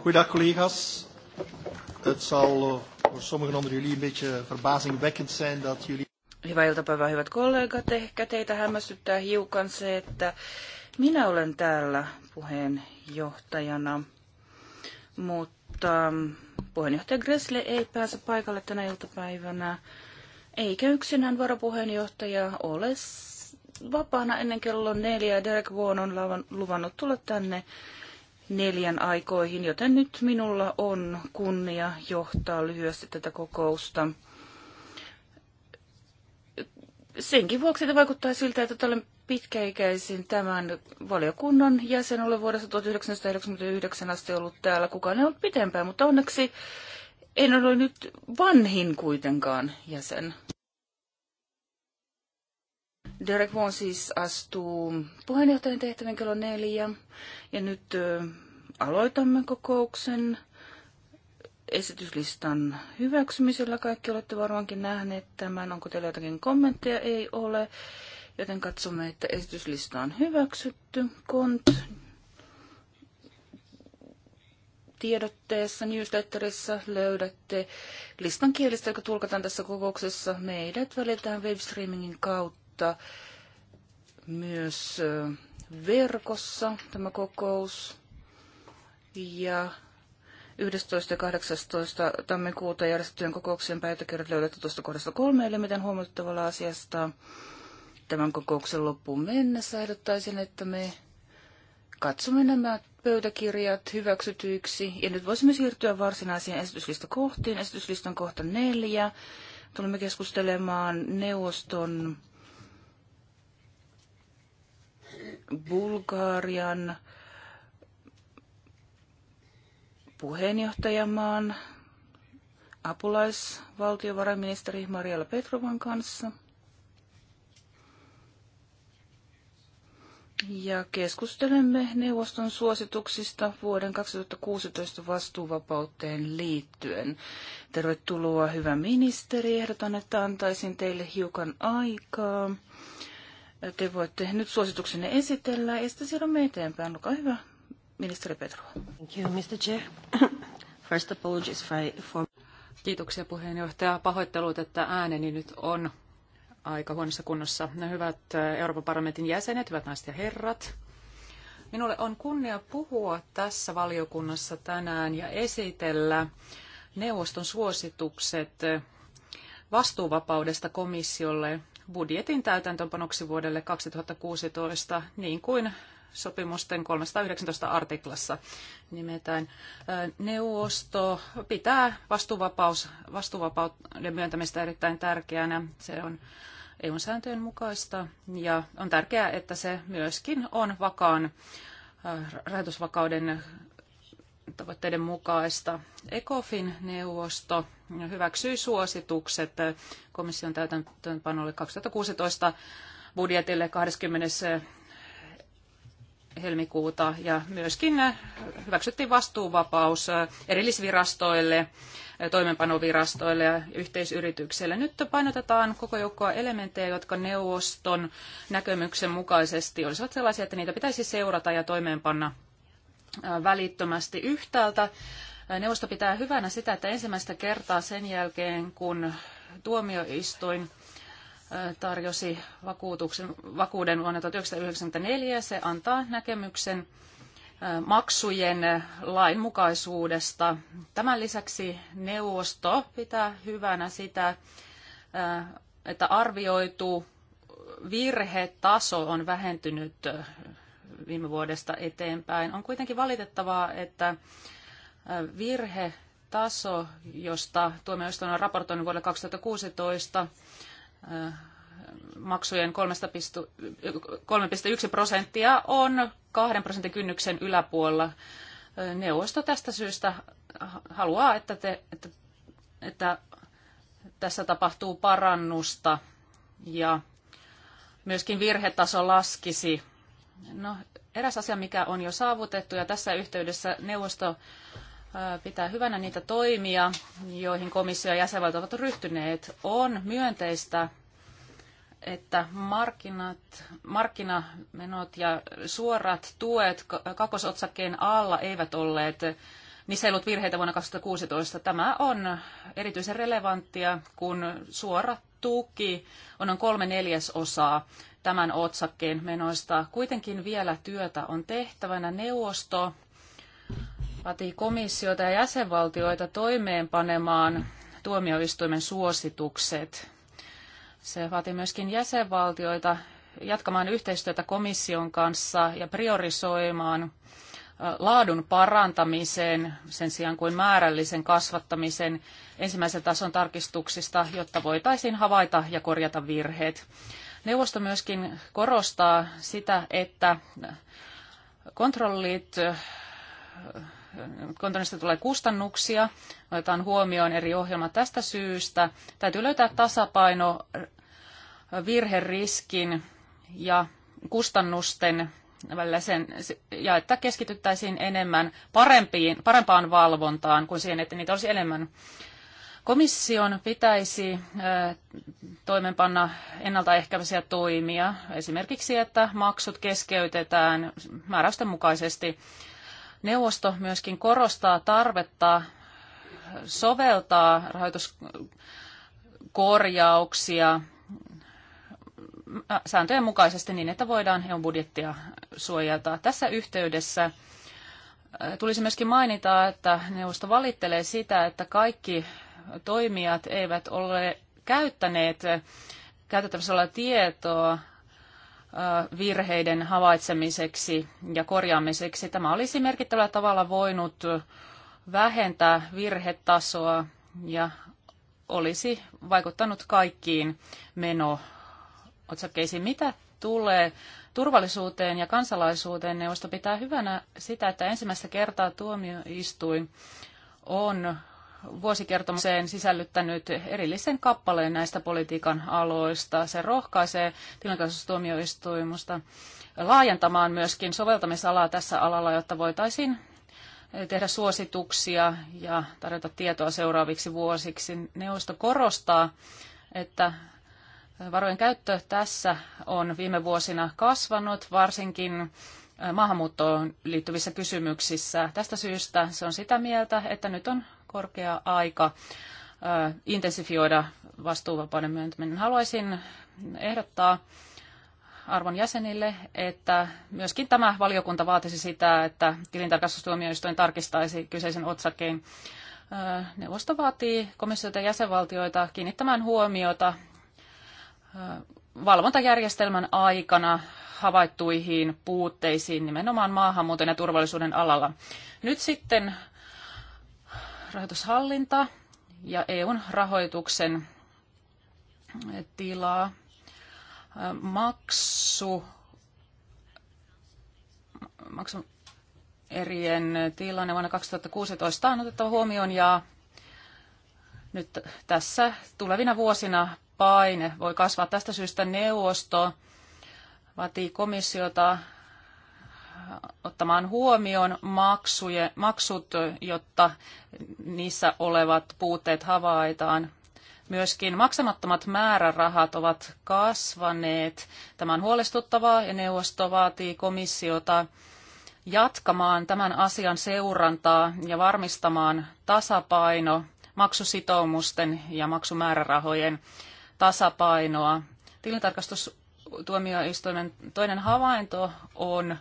Goedendag collega's. Het zal eh, voor sommigen onder jullie een beetje verbazingwekkend zijn dat jullie... Hyvää iltapäivää, hyvät kollegat. Ehkä teitä hämmästyttää hiukan se, että minä olen täällä puheenjohtajana, mutta mm, puheenjohtaja Gressle ei pääse paikalle tänä iltapäivänä, eikä yksinään varapuheenjohtaja ole vapaana ennen kello neljä. Derek Vaughan on luvannut tulla tänne neljän aikoihin, joten nyt minulla on kunnia johtaa lyhyesti tätä kokousta. Senkin vuoksi, että vaikuttaa siltä, että olen pitkäikäisin tämän valiokunnan jäsen. Olen vuodesta 1999 asti ollut täällä. Kukaan ei ollut pitempään, mutta onneksi en ole nyt vanhin kuitenkaan jäsen. Derek Vaughan siis astuu puheenjohtajan tehtävän kello neljä. Ja nyt ö, aloitamme kokouksen esityslistan hyväksymisellä. Kaikki olette varmaankin nähneet tämän. Onko teillä jotakin kommentteja? Ei ole. Joten katsomme, että esityslista on hyväksytty. Kont tiedotteessa, newsletterissa löydätte listan kielistä, joka tulkataan tässä kokouksessa. Meidät välitään webstreamingin kautta mutta myös verkossa tämä kokous. Ja 11. ja 18. tammikuuta järjestettyjen kokouksien päätökirjat löydät tuosta kohdasta kolme, eli miten huomattavalla asiasta tämän kokouksen loppuun mennessä ehdottaisin, että me katsomme nämä pöytäkirjat hyväksytyiksi. Ja nyt voisimme siirtyä varsinaisiin kohtiin. Esityslistan kohta neljä. Tulemme keskustelemaan neuvoston Bulgarian puheenjohtajamaan apulaisvaltiovarainministeri Mariela Petrovan kanssa. Ja keskustelemme neuvoston suosituksista vuoden 2016 vastuuvapauteen liittyen. Tervetuloa, hyvä ministeri. Ehdotan, että antaisin teille hiukan aikaa te voitte nyt suosituksenne esitellä ja sitten siirrymme eteenpäin. Olkaa hyvä, ministeri Petro. Thank you, Mr. Chair. First apologies for... Kiitoksia puheenjohtaja. Pahoittelut, että ääneni nyt on aika huonossa kunnossa. No, hyvät Euroopan parlamentin jäsenet, hyvät naiset ja herrat. Minulle on kunnia puhua tässä valiokunnassa tänään ja esitellä neuvoston suositukset vastuuvapaudesta komissiolle budjetin täytäntöönpanoksi vuodelle 2016, niin kuin sopimusten 319 artiklassa nimetään. Neuvosto pitää vastuuvapaus, vastuuvapauden myöntämistä erittäin tärkeänä. Se on EU-sääntöjen mukaista ja on tärkeää, että se myöskin on vakaan rahoitusvakauden tavoitteiden mukaista. ECOFIN-neuvosto hyväksyi suositukset komission täytäntöönpanolle 2016 budjetille 20. helmikuuta ja myöskin hyväksyttiin vastuuvapaus erillisvirastoille, toimenpanovirastoille ja yhteisyrityksille. Nyt painotetaan koko joukkoa elementtejä, jotka neuvoston näkemyksen mukaisesti olisivat sellaisia, että niitä pitäisi seurata ja toimeenpanna välittömästi yhtäältä. Neuvosto pitää hyvänä sitä, että ensimmäistä kertaa sen jälkeen, kun tuomioistuin tarjosi vakuutuksen, vakuuden vuonna 1994, se antaa näkemyksen maksujen lainmukaisuudesta. Tämän lisäksi neuvosto pitää hyvänä sitä, että arvioitu virhetaso on vähentynyt viime vuodesta eteenpäin. On kuitenkin valitettavaa, että äh, virhe taso, josta tuomioistuin on raportoinut vuodelle 2016 äh, maksujen 3,1 prosenttia on 2 prosentin kynnyksen yläpuolella. Äh, neuvosto tästä syystä haluaa, että, te, että, että tässä tapahtuu parannusta ja myöskin virhetaso laskisi No, eräs asia, mikä on jo saavutettu, ja tässä yhteydessä neuvosto pitää hyvänä niitä toimia, joihin komissio ja jäsenvaltiot ovat ryhtyneet, on myönteistä, että markkinat, markkinamenot ja suorat tuet kakosotsakkeen alla eivät olleet niissä ei ollut virheitä vuonna 2016. Tämä on erityisen relevanttia, kun suora tuki on noin kolme neljäsosaa tämän otsakkeen menoista. Kuitenkin vielä työtä on tehtävänä. Neuvosto vaatii komissiota ja jäsenvaltioita toimeenpanemaan tuomioistuimen suositukset. Se vaatii myöskin jäsenvaltioita jatkamaan yhteistyötä komission kanssa ja priorisoimaan laadun parantamiseen sen sijaan kuin määrällisen kasvattamisen ensimmäisen tason tarkistuksista, jotta voitaisiin havaita ja korjata virheet. Neuvosto myöskin korostaa sitä, että kontrollit kontrollista tulee kustannuksia, otetaan huomioon eri ohjelmat tästä syystä. Täytyy löytää tasapaino virheriskin ja kustannusten välillä sen, ja että keskityttäisiin enemmän parempiin, parempaan valvontaan kuin siihen, että niitä olisi enemmän. Komission pitäisi toimenpanna ennaltaehkäisiä toimia, esimerkiksi että maksut keskeytetään määräysten mukaisesti. Neuvosto myöskin korostaa tarvetta soveltaa rahoituskorjauksia sääntöjen mukaisesti niin, että voidaan EU:n budjettia suojata. Tässä yhteydessä tulisi myöskin mainita, että neuvosto valittelee sitä, että kaikki toimijat eivät ole käyttäneet käytettävissä olevaa tietoa virheiden havaitsemiseksi ja korjaamiseksi. Tämä olisi merkittävällä tavalla voinut vähentää virhetasoa ja olisi vaikuttanut kaikkiin meno-otsakkeisiin. Mitä tulee turvallisuuteen ja kansalaisuuteen, neuvosto pitää hyvänä sitä, että ensimmäistä kertaa tuomioistuin on vuosikertomukseen sisällyttänyt erillisen kappaleen näistä politiikan aloista. Se rohkaisee tilinkäsitystuomioistuimusta laajentamaan myöskin soveltamisalaa tässä alalla, jotta voitaisiin tehdä suosituksia ja tarjota tietoa seuraaviksi vuosiksi. Neuvosto korostaa, että varojen käyttö tässä on viime vuosina kasvanut, varsinkin maahanmuuttoon liittyvissä kysymyksissä. Tästä syystä se on sitä mieltä, että nyt on korkea aika intensifioida vastuuvapauden myöntäminen. Haluaisin ehdottaa arvon jäsenille, että myöskin tämä valiokunta vaatisi sitä, että tilintarkastustuomioistuin tarkistaisi kyseisen otsakkeen. Neuvosto vaatii komissiota ja jäsenvaltioita kiinnittämään huomiota valvontajärjestelmän aikana havaittuihin puutteisiin nimenomaan maahanmuuton ja turvallisuuden alalla. Nyt sitten rahoitushallinta ja EUn rahoituksen eh, tilaa. Eh, maksu, maksu erien tilanne vuonna 2016 on otettava huomioon ja nyt tässä tulevina vuosina paine voi kasvaa. Tästä syystä neuvosto vaatii komissiota ottamaan huomioon maksuje, maksut, jotta niissä olevat puutteet havaitaan. Myöskin maksamattomat määrärahat ovat kasvaneet. Tämä on huolestuttavaa ja neuvosto vaatii komissiota jatkamaan tämän asian seurantaa ja varmistamaan tasapaino maksusitoumusten ja maksumäärärahojen tasapainoa. Tilintarkastustuomioistuimen toinen havainto on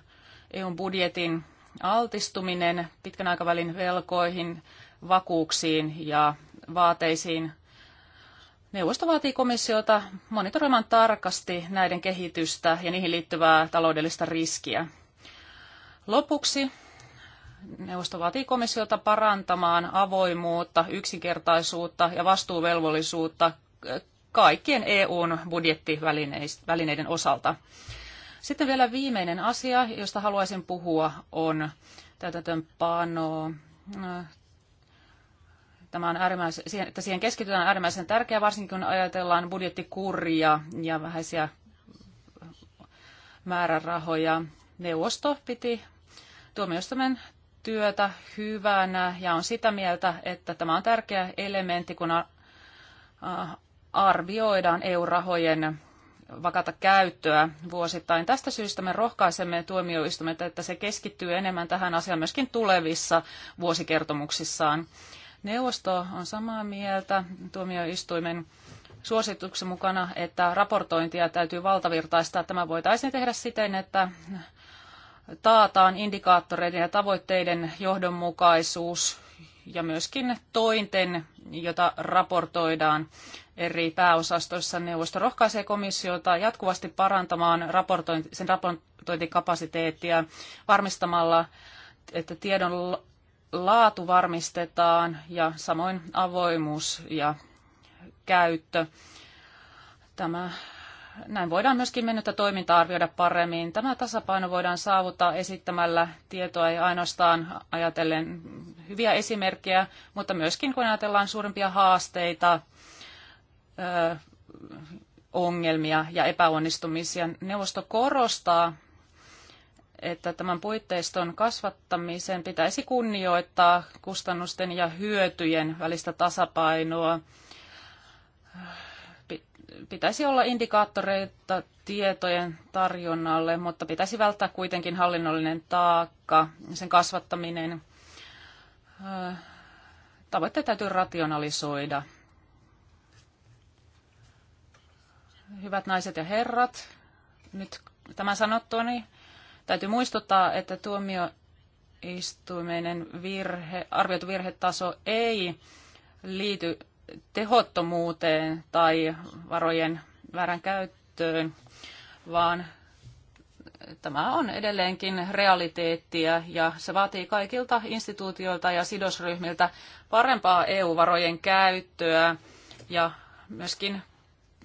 eu budjetin altistuminen pitkän aikavälin velkoihin, vakuuksiin ja vaateisiin. Neuvosto vaatii komissiota monitoroimaan tarkasti näiden kehitystä ja niihin liittyvää taloudellista riskiä. Lopuksi neuvosto vaatii komissiota parantamaan avoimuutta, yksinkertaisuutta ja vastuuvelvollisuutta kaikkien EUn budjettivälineiden osalta. Sitten vielä viimeinen asia, josta haluaisin puhua, on tätä panoa, Tämä on äärimmäisen, että siihen keskitytään äärimmäisen tärkeää, varsinkin kun ajatellaan budjettikurja ja vähäisiä määrärahoja. Neuvosto piti tuomioistuimen työtä hyvänä ja on sitä mieltä, että tämä on tärkeä elementti, kun arvioidaan EU-rahojen vakata käyttöä vuosittain. Tästä syystä me rohkaisemme tuomioistuimet, että se keskittyy enemmän tähän asiaan myöskin tulevissa vuosikertomuksissaan. Neuvosto on samaa mieltä tuomioistuimen suosituksen mukana, että raportointia täytyy valtavirtaistaa. Tämä voitaisiin tehdä siten, että taataan indikaattoreiden ja tavoitteiden johdonmukaisuus ja myöskin tointen, jota raportoidaan eri pääosastoissa. Neuvosto rohkaisee komissiota jatkuvasti parantamaan raportointi, sen raportointikapasiteettia varmistamalla, että tiedon laatu varmistetaan ja samoin avoimuus ja käyttö. Tämä näin voidaan myöskin mennyttä toimintaa arvioida paremmin. Tämä tasapaino voidaan saavuttaa esittämällä tietoa ei ainoastaan ajatellen hyviä esimerkkejä, mutta myöskin kun ajatellaan suurimpia haasteita ongelmia ja epäonnistumisia. Neuvosto korostaa, että tämän puitteiston kasvattamiseen pitäisi kunnioittaa kustannusten ja hyötyjen välistä tasapainoa. Pitäisi olla indikaattoreita tietojen tarjonnalle, mutta pitäisi välttää kuitenkin hallinnollinen taakka, sen kasvattaminen. Tavoitteet täytyy rationalisoida Hyvät naiset ja herrat, nyt tämän sanottua, niin täytyy muistuttaa, että tuomioistuimeinen virhe, arvioitu virhetaso ei liity tehottomuuteen tai varojen väärän käyttöön, vaan tämä on edelleenkin realiteettia ja se vaatii kaikilta instituutioilta ja sidosryhmiltä parempaa EU-varojen käyttöä ja myöskin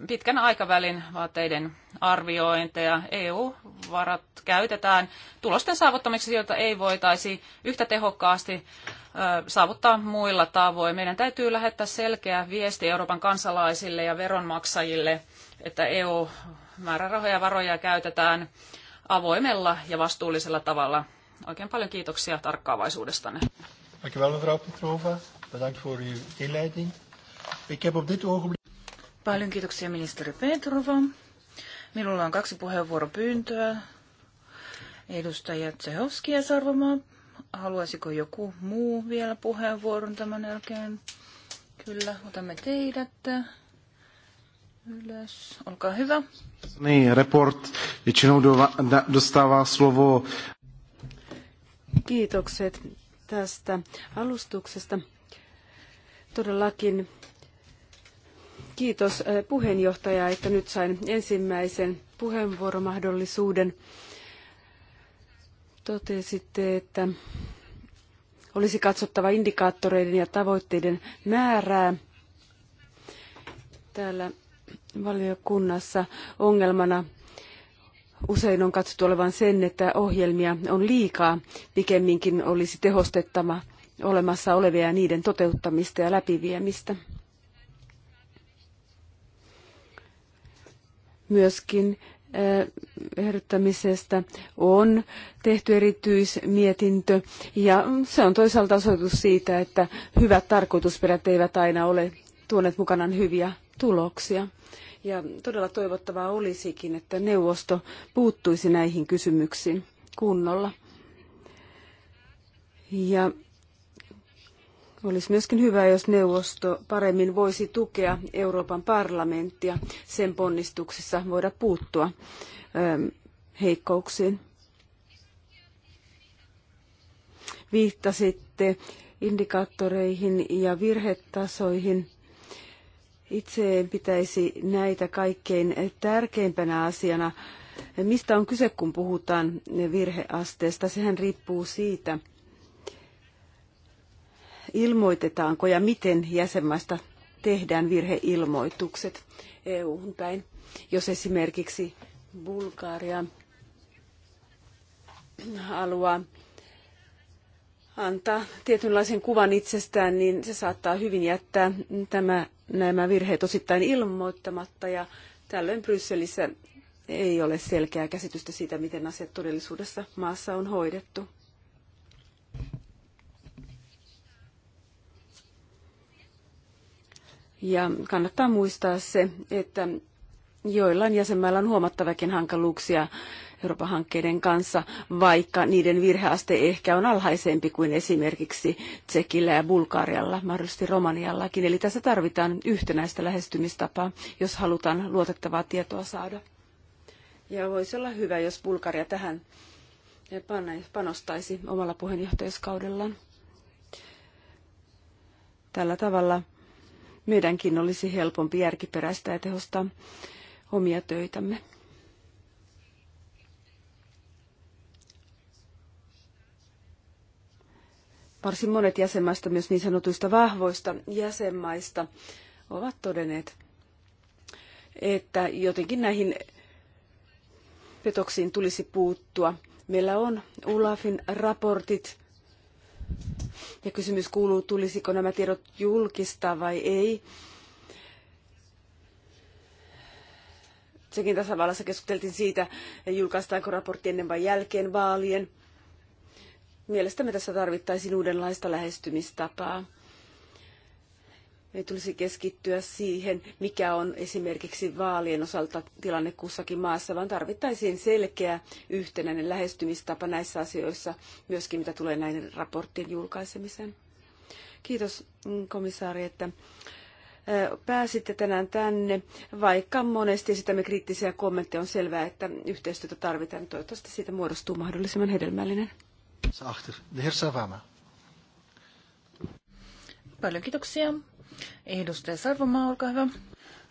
pitkän aikavälin vaateiden arviointeja. EU-varat käytetään tulosten saavuttamiseksi, joita ei voitaisi yhtä tehokkaasti saavuttaa muilla tavoin. Meidän täytyy lähettää selkeä viesti Euroopan kansalaisille ja veronmaksajille, että EU-määrärahoja ja varoja käytetään avoimella ja vastuullisella tavalla. Oikein paljon kiitoksia tarkkaavaisuudestanne. wel, mevrouw Petrova. Bedankt voor uw inleiding. Ik heb op dit ogenblik Paljon kiitoksia ministeri Petrova. Minulla on kaksi puheenvuoropyyntöä. Edustajat Tsehovski ja Sarvoma, Haluaisiko joku muu vielä puheenvuoron tämän jälkeen? Kyllä, otamme teidät ylös. Olkaa hyvä. Niin, report slovo. Kiitokset tästä alustuksesta. Todellakin Kiitos eh, puheenjohtaja, että nyt sain ensimmäisen puheenvuoromahdollisuuden. Totesitte, että olisi katsottava indikaattoreiden ja tavoitteiden määrää. Täällä valiokunnassa ongelmana usein on katsottu olevan sen, että ohjelmia on liikaa. Pikemminkin olisi tehostettava olemassa olevia ja niiden toteuttamista ja läpiviemistä. myöskin eh, ehdottamisesta on tehty erityismietintö ja se on toisaalta osoitus siitä, että hyvät tarkoitusperät eivät aina ole tuoneet mukanaan hyviä tuloksia. Ja todella toivottavaa olisikin, että neuvosto puuttuisi näihin kysymyksiin kunnolla. Ja olisi myöskin hyvä, jos neuvosto paremmin voisi tukea Euroopan parlamenttia sen ponnistuksissa voida puuttua ähm, heikkouksiin. Viittasitte indikaattoreihin ja virhetasoihin. Itse en pitäisi näitä kaikkein tärkeimpänä asiana. Mistä on kyse, kun puhutaan virheasteesta? Sehän riippuu siitä, ilmoitetaanko ja miten jäsenmaista tehdään virheilmoitukset EU-hun päin. Jos esimerkiksi Bulgaria haluaa antaa tietynlaisen kuvan itsestään, niin se saattaa hyvin jättää tämä, nämä virheet osittain ilmoittamatta ja tällöin Brysselissä ei ole selkeää käsitystä siitä, miten asiat todellisuudessa maassa on hoidettu. Ja kannattaa muistaa se, että joillain jäsenmailla on huomattaväkin hankaluuksia Euroopan hankkeiden kanssa, vaikka niiden virheaste ehkä on alhaisempi kuin esimerkiksi Tsekillä ja Bulgarialla, mahdollisesti Romaniallakin. Eli tässä tarvitaan yhtenäistä lähestymistapaa, jos halutaan luotettavaa tietoa saada. Ja voisi olla hyvä, jos Bulgaria tähän panostaisi omalla puheenjohtajuuskaudellaan. Tällä tavalla meidänkin olisi helpompi järkiperäistä ja tehostaa omia töitämme. Varsin monet jäsenmaista, myös niin sanotuista vahvoista jäsenmaista, ovat todenneet, että jotenkin näihin petoksiin tulisi puuttua. Meillä on ULAFin raportit ja kysymys kuuluu, tulisiko nämä tiedot julkistaa vai ei. Sekin tasavallassa keskusteltiin siitä, julkaistaanko raportti ennen vai jälkeen vaalien. Mielestämme tässä tarvittaisiin uudenlaista lähestymistapaa tulisi keskittyä siihen, mikä on esimerkiksi vaalien osalta tilanne kussakin maassa, vaan tarvittaisiin selkeä yhtenäinen lähestymistapa näissä asioissa, myöskin mitä tulee näiden raporttien julkaisemiseen. Kiitos mm, komissaari, että pääsitte tänään tänne, vaikka monesti esitämme kriittisiä kommentteja, on selvää, että yhteistyötä tarvitaan. Toivottavasti siitä muodostuu mahdollisimman hedelmällinen. Paljon kiitoksia. Edustaja Sarvomaa, olkaa hyvä.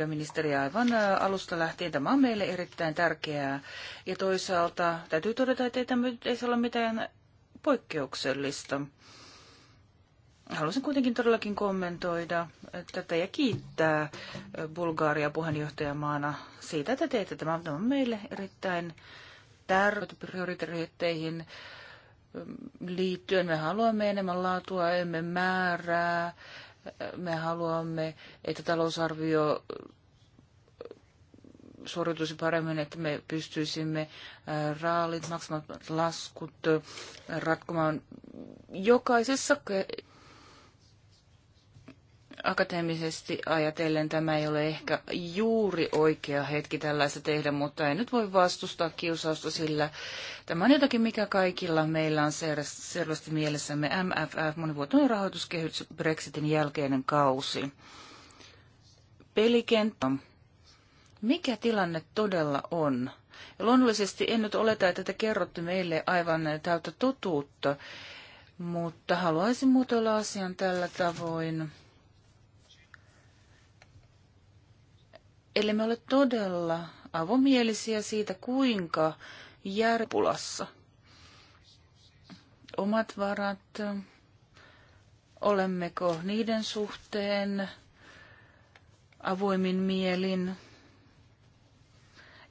Ministeri, aivan äh, alusta lähtien tämä on meille erittäin tärkeää. Ja toisaalta täytyy todeta, että ei tämä ei ole mitään poikkeuksellista. Haluaisin kuitenkin todellakin kommentoida äh, tätä ja kiittää äh, Bulgaaria puheenjohtajamaana siitä, että teette tämä. Tämä on meille erittäin tärkeä prioriteetteihin ähm, liittyen. Me haluamme enemmän laatua, emme määrää me haluamme, että talousarvio suoriutuisi paremmin, että me pystyisimme raalit, maksamat laskut ratkomaan jokaisessa akateemisesti ajatellen tämä ei ole ehkä juuri oikea hetki tällaista tehdä, mutta en nyt voi vastustaa kiusausta, sillä tämä on jotakin, mikä kaikilla meillä on selvästi mielessämme MFF, monivuotinen rahoituskehitys Brexitin jälkeinen kausi. Pelikenttä. Mikä tilanne todella on? Ja luonnollisesti en nyt oleta, että te kerrotte meille aivan täyttä totuutta, mutta haluaisin muotoilla asian tällä tavoin. Eli me ole todella avomielisiä siitä, kuinka järpulassa omat varat, olemmeko niiden suhteen avoimin mielin.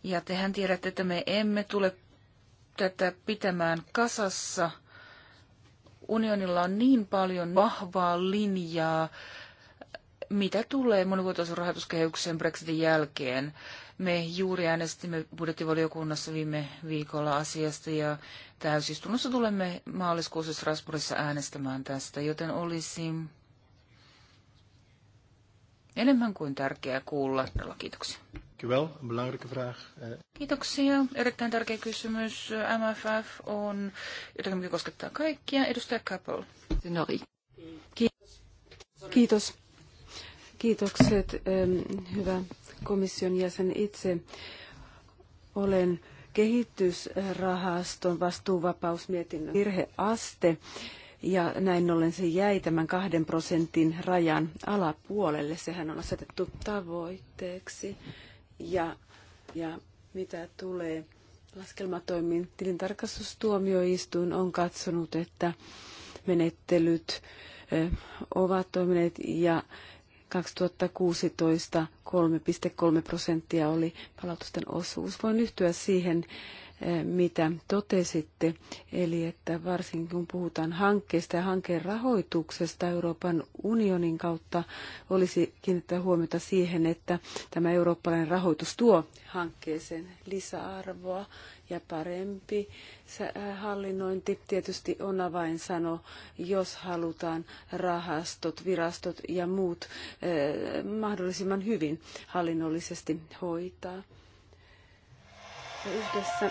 Ja tehän tiedätte, että me emme tule tätä pitämään kasassa. Unionilla on niin paljon vahvaa linjaa mitä tulee monivuotoisen rahoituskehykseen Brexitin jälkeen. Me juuri äänestimme budjettivaliokunnassa viime viikolla asiasta ja täysistunnossa tulemme maaliskuussa Strasbourgissa äänestämään tästä, joten olisi enemmän kuin tärkeää kuulla. Todella kiitoksia. Eh. Kiitoksia. Erittäin tärkeä kysymys. MFF on jotakin, mikä koskettaa kaikkia. Edustaja Kappel. Kiitos. Kiitos. Kiitokset, hyvä komission jäsen. Itse olen kehitysrahaston vastuuvapausmietinnön virheaste ja näin ollen se jäi tämän kahden prosentin rajan alapuolelle. Sehän on asetettu tavoitteeksi. Ja, ja mitä tulee laskelmatoimiin, tilintarkastustuomioistuin on katsonut, että menettelyt ovat toimineet ja 2016 3,3 prosenttia oli palautusten osuus. Voin yhtyä siihen, Eh, mitä totesitte, eli että varsinkin kun puhutaan hankkeista ja hankkeen rahoituksesta Euroopan unionin kautta, olisi kiinnittää huomiota siihen, että tämä eurooppalainen rahoitus tuo hankkeeseen lisäarvoa ja parempi eh, hallinnointi tietysti on avainsano, jos halutaan rahastot, virastot ja muut eh, mahdollisimman hyvin hallinnollisesti hoitaa yhdessä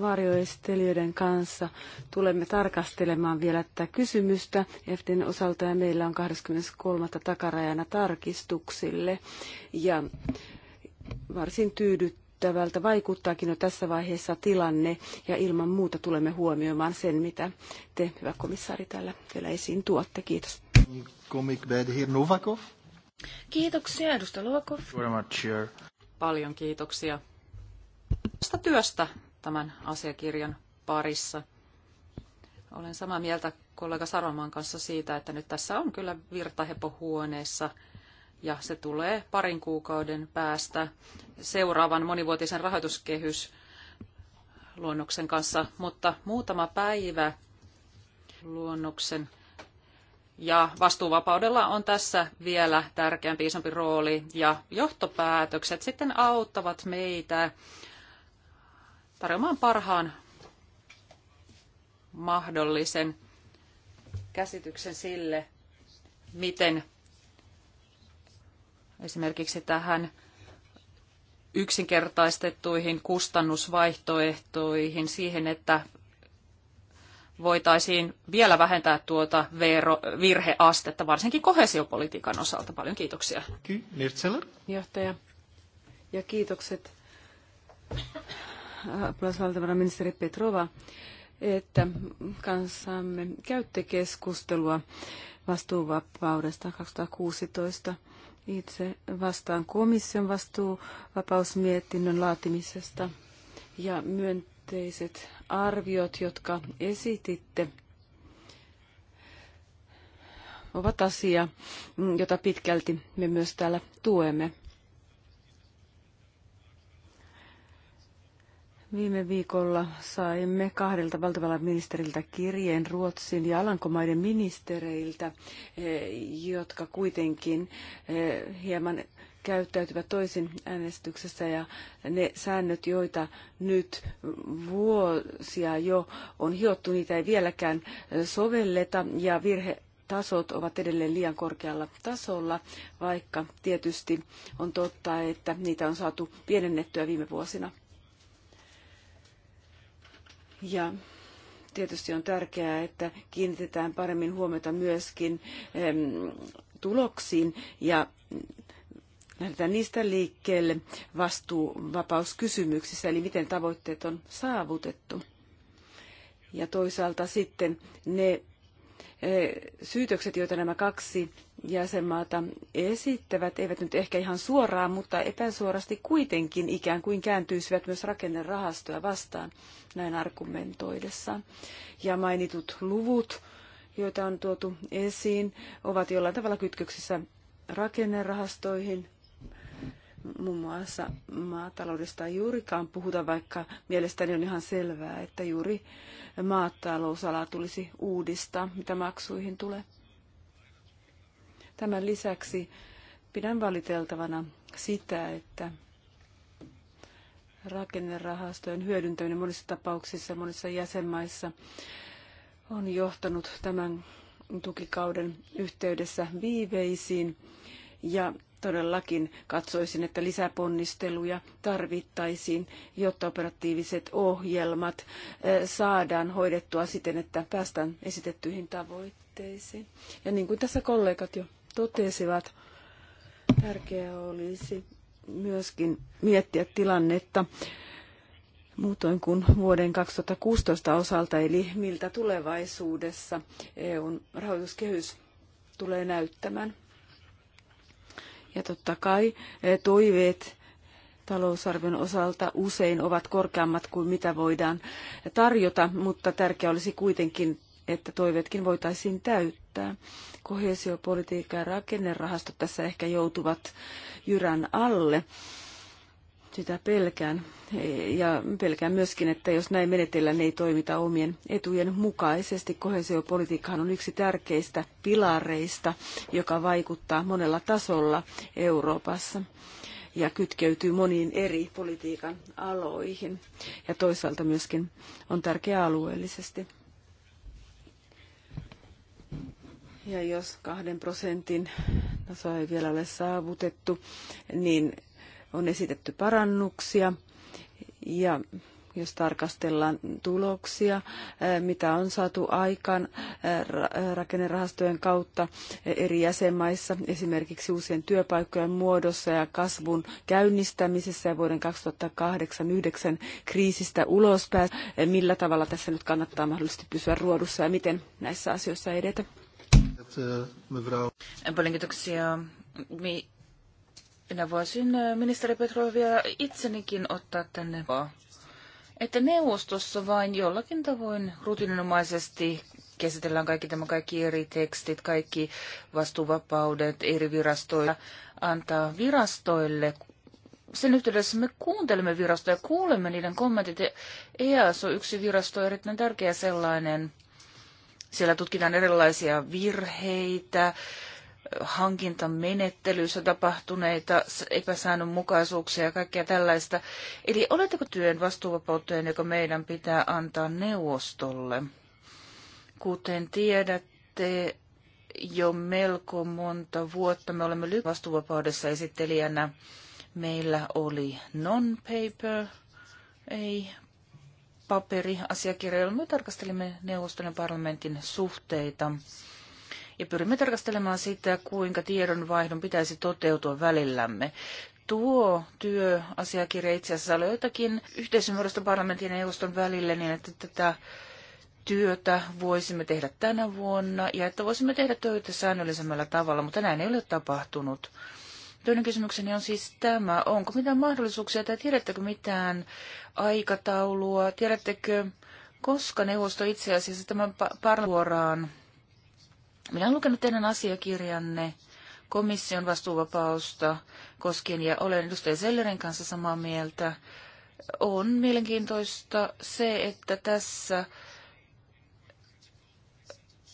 varjoistelijoiden kanssa tulemme tarkastelemaan vielä tätä kysymystä EFTin osalta ja meillä on 23. takarajana tarkistuksille ja varsin tyydyttävältä vaikuttaakin jo tässä vaiheessa tilanne ja ilman muuta tulemme huomioimaan sen, mitä te, hyvä komissaari, täällä vielä esiin tuotte. Kiitos. Komik Kiitoksia, edustaja Novakov. Paljon kiitoksia tästä työstä tämän asiakirjan parissa. Olen samaa mieltä kollega Saromaan kanssa siitä, että nyt tässä on kyllä virtahepohuoneessa ja se tulee parin kuukauden päästä seuraavan monivuotisen rahoituskehys luonnoksen kanssa, mutta muutama päivä luonnoksen ja vastuuvapaudella on tässä vielä tärkeämpi, isompi rooli. Ja johtopäätökset sitten auttavat meitä tarjoamaan parhaan mahdollisen käsityksen sille, miten esimerkiksi tähän yksinkertaistettuihin kustannusvaihtoehtoihin, siihen, että voitaisiin vielä vähentää tuota vero, virheastetta, varsinkin kohesiopolitiikan osalta. Paljon kiitoksia. Kiitoksia. Johtaja. Ja kiitokset äh, apulaisvaltiovarainministeri Petrova, että kanssamme käytte keskustelua vastuuvapaudesta 2016. Itse vastaan komission vastuuvapausmietinnön laatimisesta ja myönt- yhteiset arviot, jotka esititte, ovat asia, jota pitkälti me myös täällä tuemme. Viime viikolla saimme kahdelta valtavallan ministeriltä kirjeen Ruotsin ja Alankomaiden ministereiltä, eh, jotka kuitenkin eh, hieman käyttäytyvät toisin äänestyksessä ja ne säännöt, joita nyt vuosia jo on hiottu, niitä ei vieläkään sovelleta ja virhe tasot ovat edelleen liian korkealla tasolla, vaikka tietysti on totta, että niitä on saatu pienennettyä viime vuosina. Ja tietysti on tärkeää, että kiinnitetään paremmin huomiota myöskin tuloksiin ja lähdetään niistä liikkeelle vastuuvapauskysymyksissä, eli miten tavoitteet on saavutettu. Ja toisaalta sitten ne eh, syytökset, joita nämä kaksi jäsenmaata esittävät, eivät nyt ehkä ihan suoraan, mutta epäsuorasti kuitenkin ikään kuin kääntyisivät myös rakennerahastoja vastaan näin argumentoidessaan. Ja mainitut luvut, joita on tuotu esiin, ovat jollain tavalla kytköksissä rakennerahastoihin – muun muassa maataloudesta ei juurikaan puhuta, vaikka mielestäni on ihan selvää, että juuri maatalousalaa tulisi uudistaa, mitä maksuihin tulee. Tämän lisäksi pidän valiteltavana sitä, että rakennerahastojen hyödyntäminen monissa tapauksissa monissa jäsenmaissa on johtanut tämän tukikauden yhteydessä viiveisiin ja todellakin katsoisin, että lisäponnisteluja tarvittaisiin, jotta operatiiviset ohjelmat eh, saadaan hoidettua siten, että päästään esitettyihin tavoitteisiin. Ja niin kuin tässä kollegat jo totesivat, tärkeää olisi myöskin miettiä tilannetta muutoin kuin vuoden 2016 osalta, eli miltä tulevaisuudessa EUn rahoituskehys tulee näyttämään. Ja totta kai eh, toiveet talousarvion osalta usein ovat korkeammat kuin mitä voidaan tarjota, mutta tärkeää olisi kuitenkin, että toiveetkin voitaisiin täyttää. Kohesiopolitiikka ja rakennerahasto tässä ehkä joutuvat jyrän alle. Sitä pelkään. Ja pelkään myöskin, että jos näin menetellään, niin ei toimita omien etujen mukaisesti. Kohesiopolitiikkahan on yksi tärkeistä pilareista, joka vaikuttaa monella tasolla Euroopassa ja kytkeytyy moniin eri politiikan aloihin. Ja toisaalta myöskin on tärkeä alueellisesti. Ja jos kahden prosentin tasoa ei vielä ole saavutettu, niin on esitetty parannuksia ja jos tarkastellaan tuloksia, mitä on saatu aikaan rakennerahastojen kautta eri jäsenmaissa, esimerkiksi uusien työpaikkojen muodossa ja kasvun käynnistämisessä ja vuoden 2008-2009 kriisistä ulospäin, millä tavalla tässä nyt kannattaa mahdollisesti pysyä ruodussa ja miten näissä asioissa edetä? Paljon kiitoksia minä voisin ministeri Petrovia itsenikin ottaa tänne vaan. Että neuvostossa vain jollakin tavoin rutiininomaisesti käsitellään kaikki tämä, kaikki eri tekstit, kaikki vastuuvapaudet eri virastoilla, antaa virastoille sen yhteydessä me kuuntelemme virastoja, kuulemme niiden kommentit. EAS on yksi virasto, erittäin tärkeä sellainen. Siellä tutkitaan erilaisia virheitä, hankintamenettelyissä tapahtuneita epäsäännönmukaisuuksia ja kaikkea tällaista. Eli oletteko työn vastuuvapauteen, joka meidän pitää antaa neuvostolle? Kuten tiedätte, jo melko monta vuotta me olemme lyhyt vastuuvapaudessa esittelijänä. Meillä oli non-paper, ei paperi, asiakirja, jolla me tarkastelimme neuvoston ja parlamentin suhteita ja pyrimme tarkastelemaan sitä, kuinka tiedonvaihdon pitäisi toteutua välillämme. Tuo työasiakirja itse asiassa oli jotakin yhteisymmärrystä parlamentin ja neuvoston välille niin, että tätä työtä voisimme tehdä tänä vuonna ja että voisimme tehdä töitä säännöllisemmällä tavalla, mutta näin ei ole tapahtunut. Toinen kysymykseni on siis tämä, onko mitään mahdollisuuksia tai tiedättekö mitään aikataulua, tiedättekö koska neuvosto itse asiassa tämän parlamentin? Minä olen lukenut teidän asiakirjanne komission vastuuvapausta koskien ja olen edustaja Sellerin kanssa samaa mieltä. On mielenkiintoista se, että tässä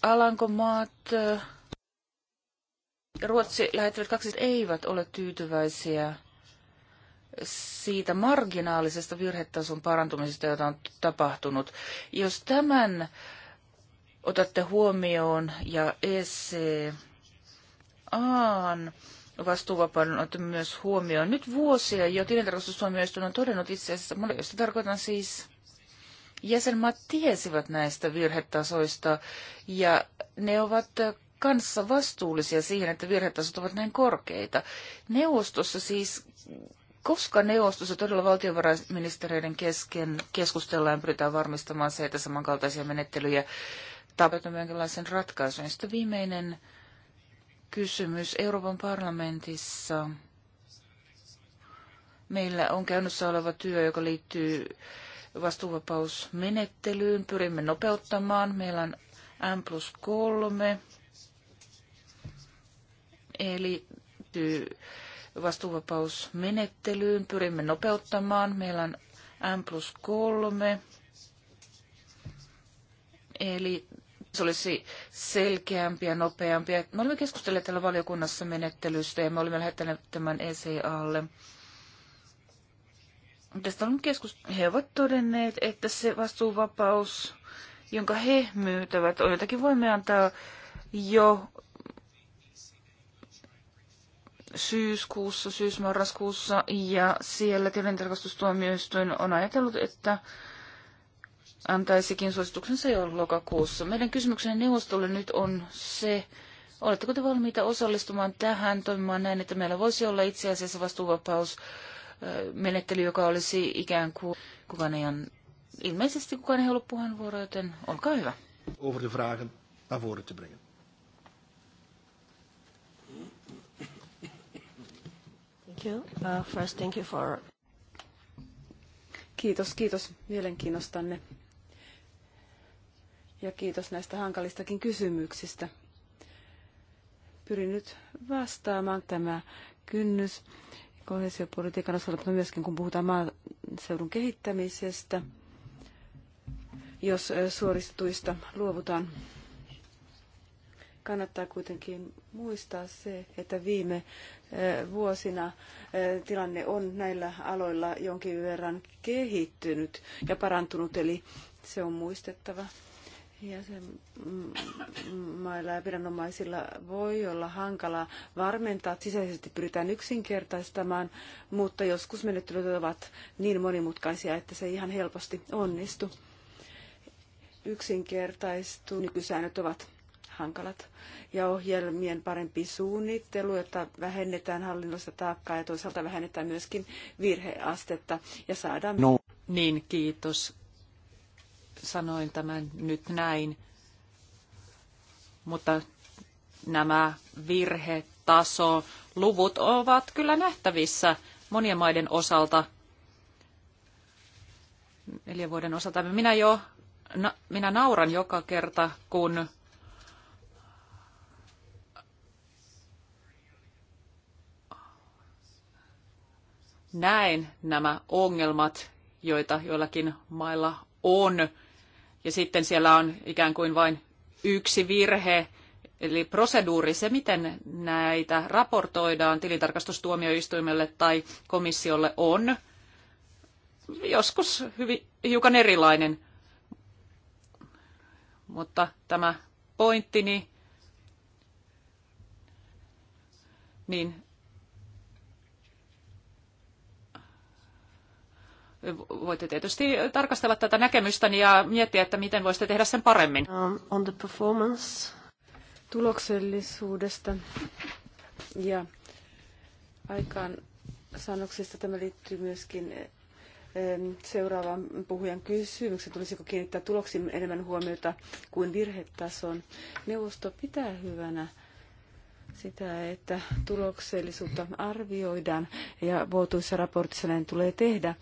Alankomaat äh, Ruotsi lähettävät kaksi eivät ole tyytyväisiä siitä marginaalisesta virhetason parantumisesta, jota on tapahtunut. Jos tämän otatte huomioon ja ECAan vastuuvapauden otatte myös huomioon. Nyt vuosia jo tilintarkastustuomioistuin on todennut itse asiassa, jos tarkoitan siis jäsenmaat tiesivät näistä virhetasoista ja ne ovat kanssa vastuullisia siihen, että virhetasot ovat näin korkeita. Neuvostossa siis, koska neuvostossa todella valtiovarainministeriöiden kesken keskustellaan, pyritään varmistamaan se, että samankaltaisia menettelyjä tapahtunut jonkinlaisen ratkaisun. sitten viimeinen kysymys. Euroopan parlamentissa meillä on käynnissä oleva työ, joka liittyy vastuuvapausmenettelyyn. Pyrimme nopeuttamaan. Meillä on M plus kolme. eli vastuuvapausmenettelyyn. Pyrimme nopeuttamaan. Meillä on M plus kolme. eli se olisi selkeämpi ja nopeampi. Me olemme keskustelleet täällä valiokunnassa menettelystä ja me olemme lähettäneet tämän ECAlle. Tästä on keskus... He ovat todenneet, että se vastuuvapaus, jonka he myytävät, on jotakin voimme antaa jo syyskuussa, syysmarraskuussa, ja siellä tilintarkastustuomioistuin on ajatellut, että antaisikin suosituksensa jo lokakuussa. Meidän kysymyksemme neuvostolle nyt on se, oletteko te valmiita osallistumaan tähän, toimimaan näin, että meillä voisi olla itse asiassa vastuuvapausmenettely, joka olisi ikään kuin kukaan ei on, ilmeisesti kukaan ei ollut puheenvuoro, joten olkaa hyvä. Over de vragen naar voren te brengen. Thank you. Uh, first, thank you for... Kiitos, kiitos mielenkiinnostanne ja kiitos näistä hankalistakin kysymyksistä. Pyrin nyt vastaamaan tämä kynnys kohesiopolitiikan osalta, mutta myöskin kun puhutaan maaseudun kehittämisestä, jos suoristuista luovutaan. Kannattaa kuitenkin muistaa se, että viime vuosina tilanne on näillä aloilla jonkin verran kehittynyt ja parantunut, eli se on muistettava jäsenmailla mm, ja viranomaisilla voi olla hankala varmentaa, että sisäisesti pyritään yksinkertaistamaan, mutta joskus menettelyt ovat niin monimutkaisia, että se ei ihan helposti onnistu. Yksinkertaistu nykysäännöt ovat hankalat ja ohjelmien parempi suunnittelu, jotta vähennetään hallinnollista taakkaa ja toisaalta vähennetään myöskin virheastetta ja saadaan... No. Niin, kiitos sanoin tämän nyt näin, mutta nämä virhetaso, luvut ovat kyllä nähtävissä monien maiden osalta. Neljän vuoden osalta minä jo na, minä nauran joka kerta, kun näen nämä ongelmat, joita joillakin mailla on ja sitten siellä on ikään kuin vain yksi virhe, eli proseduuri, se miten näitä raportoidaan tilintarkastustuomioistuimelle tai komissiolle on joskus hyvin, hiukan erilainen. Mutta tämä pointtini, niin voitte tietysti tarkastella tätä näkemystäni ja miettiä, että miten voisitte tehdä sen paremmin. Um, on the performance. Tuloksellisuudesta ja aikaan sanoksista tämä liittyy myöskin seuraavan puhujan kysymyksen, tulisiko kiinnittää tuloksiin enemmän huomiota kuin virhetason. Neuvosto pitää hyvänä sitä, että tuloksellisuutta arvioidaan ja vuotuissa raportissa näin tulee tehdä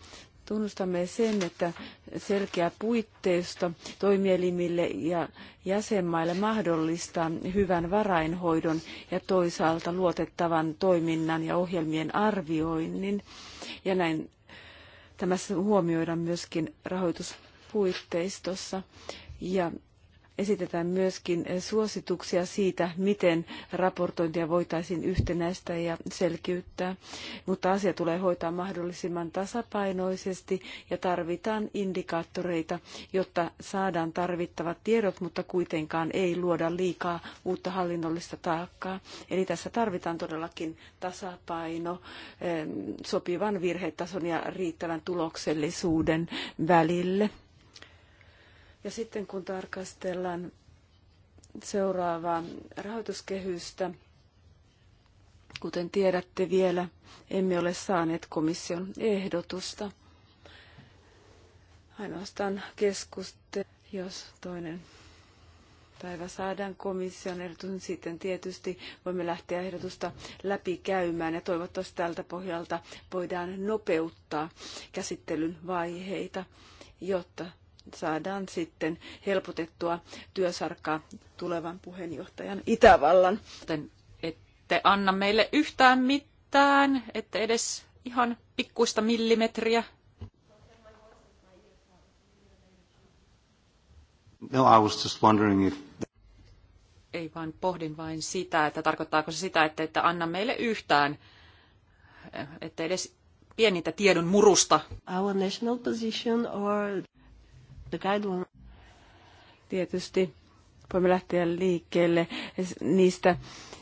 tunnustamme sen, että selkeä puitteisto toimielimille ja jäsenmaille mahdollistaa hyvän varainhoidon ja toisaalta luotettavan toiminnan ja ohjelmien arvioinnin. Ja näin tämä huomioidaan myöskin rahoituspuitteistossa. Ja esitetään myöskin suosituksia siitä, miten raportointia voitaisiin yhtenäistä ja selkiyttää, mutta asia tulee hoitaa mahdollisimman tasapainoisesti ja tarvitaan indikaattoreita, jotta saadaan tarvittavat tiedot, mutta kuitenkaan ei luoda liikaa uutta hallinnollista taakkaa. Eli tässä tarvitaan todellakin tasapaino sopivan virhetason ja riittävän tuloksellisuuden välille. Ja sitten kun tarkastellaan seuraavaa rahoituskehystä, kuten tiedätte vielä, emme ole saaneet komission ehdotusta. Ainoastaan keskuste, jos toinen päivä saadaan komission ehdotus, niin sitten tietysti voimme lähteä ehdotusta läpi käymään ja toivottavasti tältä pohjalta voidaan nopeuttaa käsittelyn vaiheita, jotta saadaan sitten helpotettua työsarkaa tulevan puheenjohtajan Itävallan. Ette anna meille yhtään mitään, ette edes ihan pikkuista millimetriä. No, I was just wondering if... Ei vaan pohdin vain sitä, että tarkoittaako se sitä, että, että anna meille yhtään, että edes pienintä tiedon murusta. Our national position or... Tietysti voimme lähteä liikkeelle niistä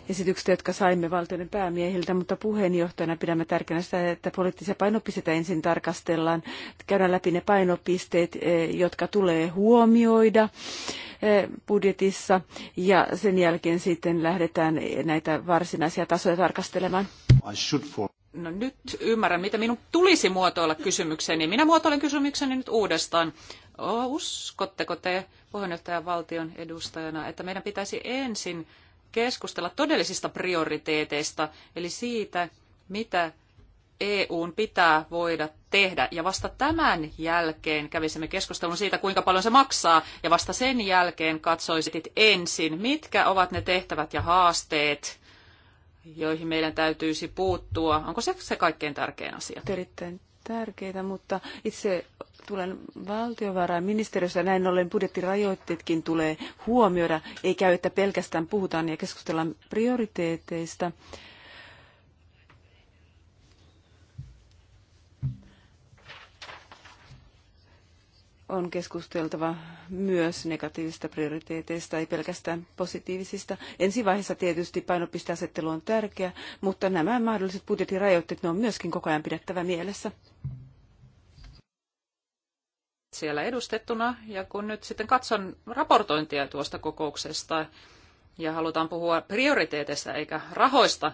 esityksistä, jotka saimme valtioiden päämiehiltä, mutta puheenjohtajana pidämme tärkeänä sitä, että poliittisia painopisteitä ensin tarkastellaan. Käydään läpi ne painopisteet, e, jotka tulee huomioida e, budjetissa ja sen jälkeen sitten lähdetään näitä varsinaisia tasoja tarkastelemaan. No nyt ymmärrän, mitä minun tulisi muotoilla kysymykseni. Minä muotoilen kysymykseni nyt uudestaan. Uskotteko te puheenjohtajavaltion edustajana, että meidän pitäisi ensin keskustella todellisista prioriteeteista, eli siitä, mitä EUn pitää voida tehdä. Ja vasta tämän jälkeen kävisimme keskustelun siitä, kuinka paljon se maksaa. Ja vasta sen jälkeen katsoisit ensin, mitkä ovat ne tehtävät ja haasteet, joihin meidän täytyisi puuttua. Onko se se kaikkein tärkein asia? Erittäin tärkeitä, mutta itse tulen valtiovarainministeriössä näin ollen budjettirajoitteetkin tulee huomioida, eikä että pelkästään puhutaan ja keskustellaan prioriteeteista, on keskusteltava myös negatiivisista prioriteeteista, ei pelkästään positiivisista. Ensi vaiheessa tietysti painopisteasettelu on tärkeä, mutta nämä mahdolliset budjettirajoitteet ne on myöskin koko ajan pidettävä mielessä. Siellä edustettuna, ja kun nyt sitten katson raportointia tuosta kokouksesta, ja halutaan puhua prioriteeteista eikä rahoista,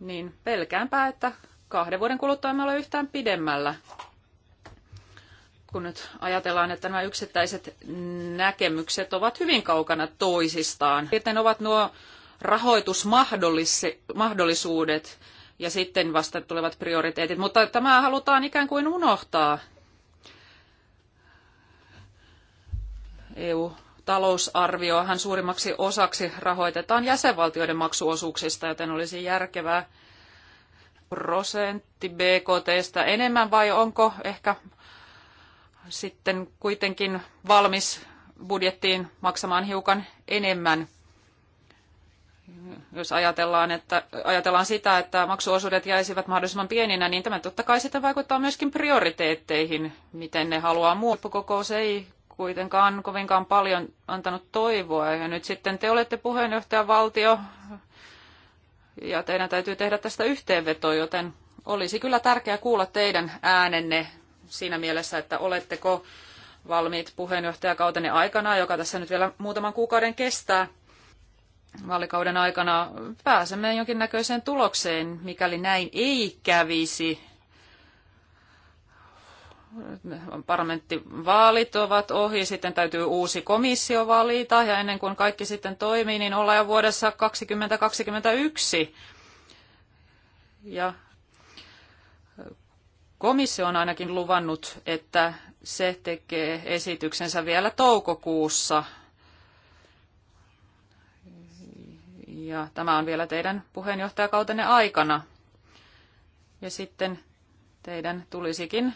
niin pelkäänpä, että kahden vuoden kuluttua emme ole yhtään pidemmällä kun nyt ajatellaan, että nämä yksittäiset näkemykset ovat hyvin kaukana toisistaan. Miten ovat nuo rahoitusmahdollisuudet ja sitten vasta tulevat prioriteetit, mutta tämä halutaan ikään kuin unohtaa. EU-talousarviohan suurimmaksi osaksi rahoitetaan jäsenvaltioiden maksuosuuksista, joten olisi järkevää prosentti BKTstä enemmän vai onko ehkä sitten kuitenkin valmis budjettiin maksamaan hiukan enemmän. Jos ajatellaan, että, ajatellaan sitä, että maksuosuudet jäisivät mahdollisimman pieninä, niin tämä totta kai sitä vaikuttaa myöskin prioriteetteihin, miten ne haluaa muuttua. Kokous ei kuitenkaan kovinkaan paljon antanut toivoa. Ja nyt sitten te olette puheenjohtajavaltio ja teidän täytyy tehdä tästä yhteenveto, joten olisi kyllä tärkeää kuulla teidän äänenne siinä mielessä, että oletteko valmiit puheenjohtajakautenne aikana, joka tässä nyt vielä muutaman kuukauden kestää, vaalikauden aikana pääsemme jonkinnäköiseen tulokseen, mikäli näin ei kävisi. Parlamenttivaalit ovat ohi, sitten täytyy uusi komissio valita ja ennen kuin kaikki sitten toimii, niin ollaan jo vuodessa 2021. Ja Komissio on ainakin luvannut, että se tekee esityksensä vielä toukokuussa. Ja tämä on vielä teidän puheenjohtajakautenne aikana. Ja sitten teidän tulisikin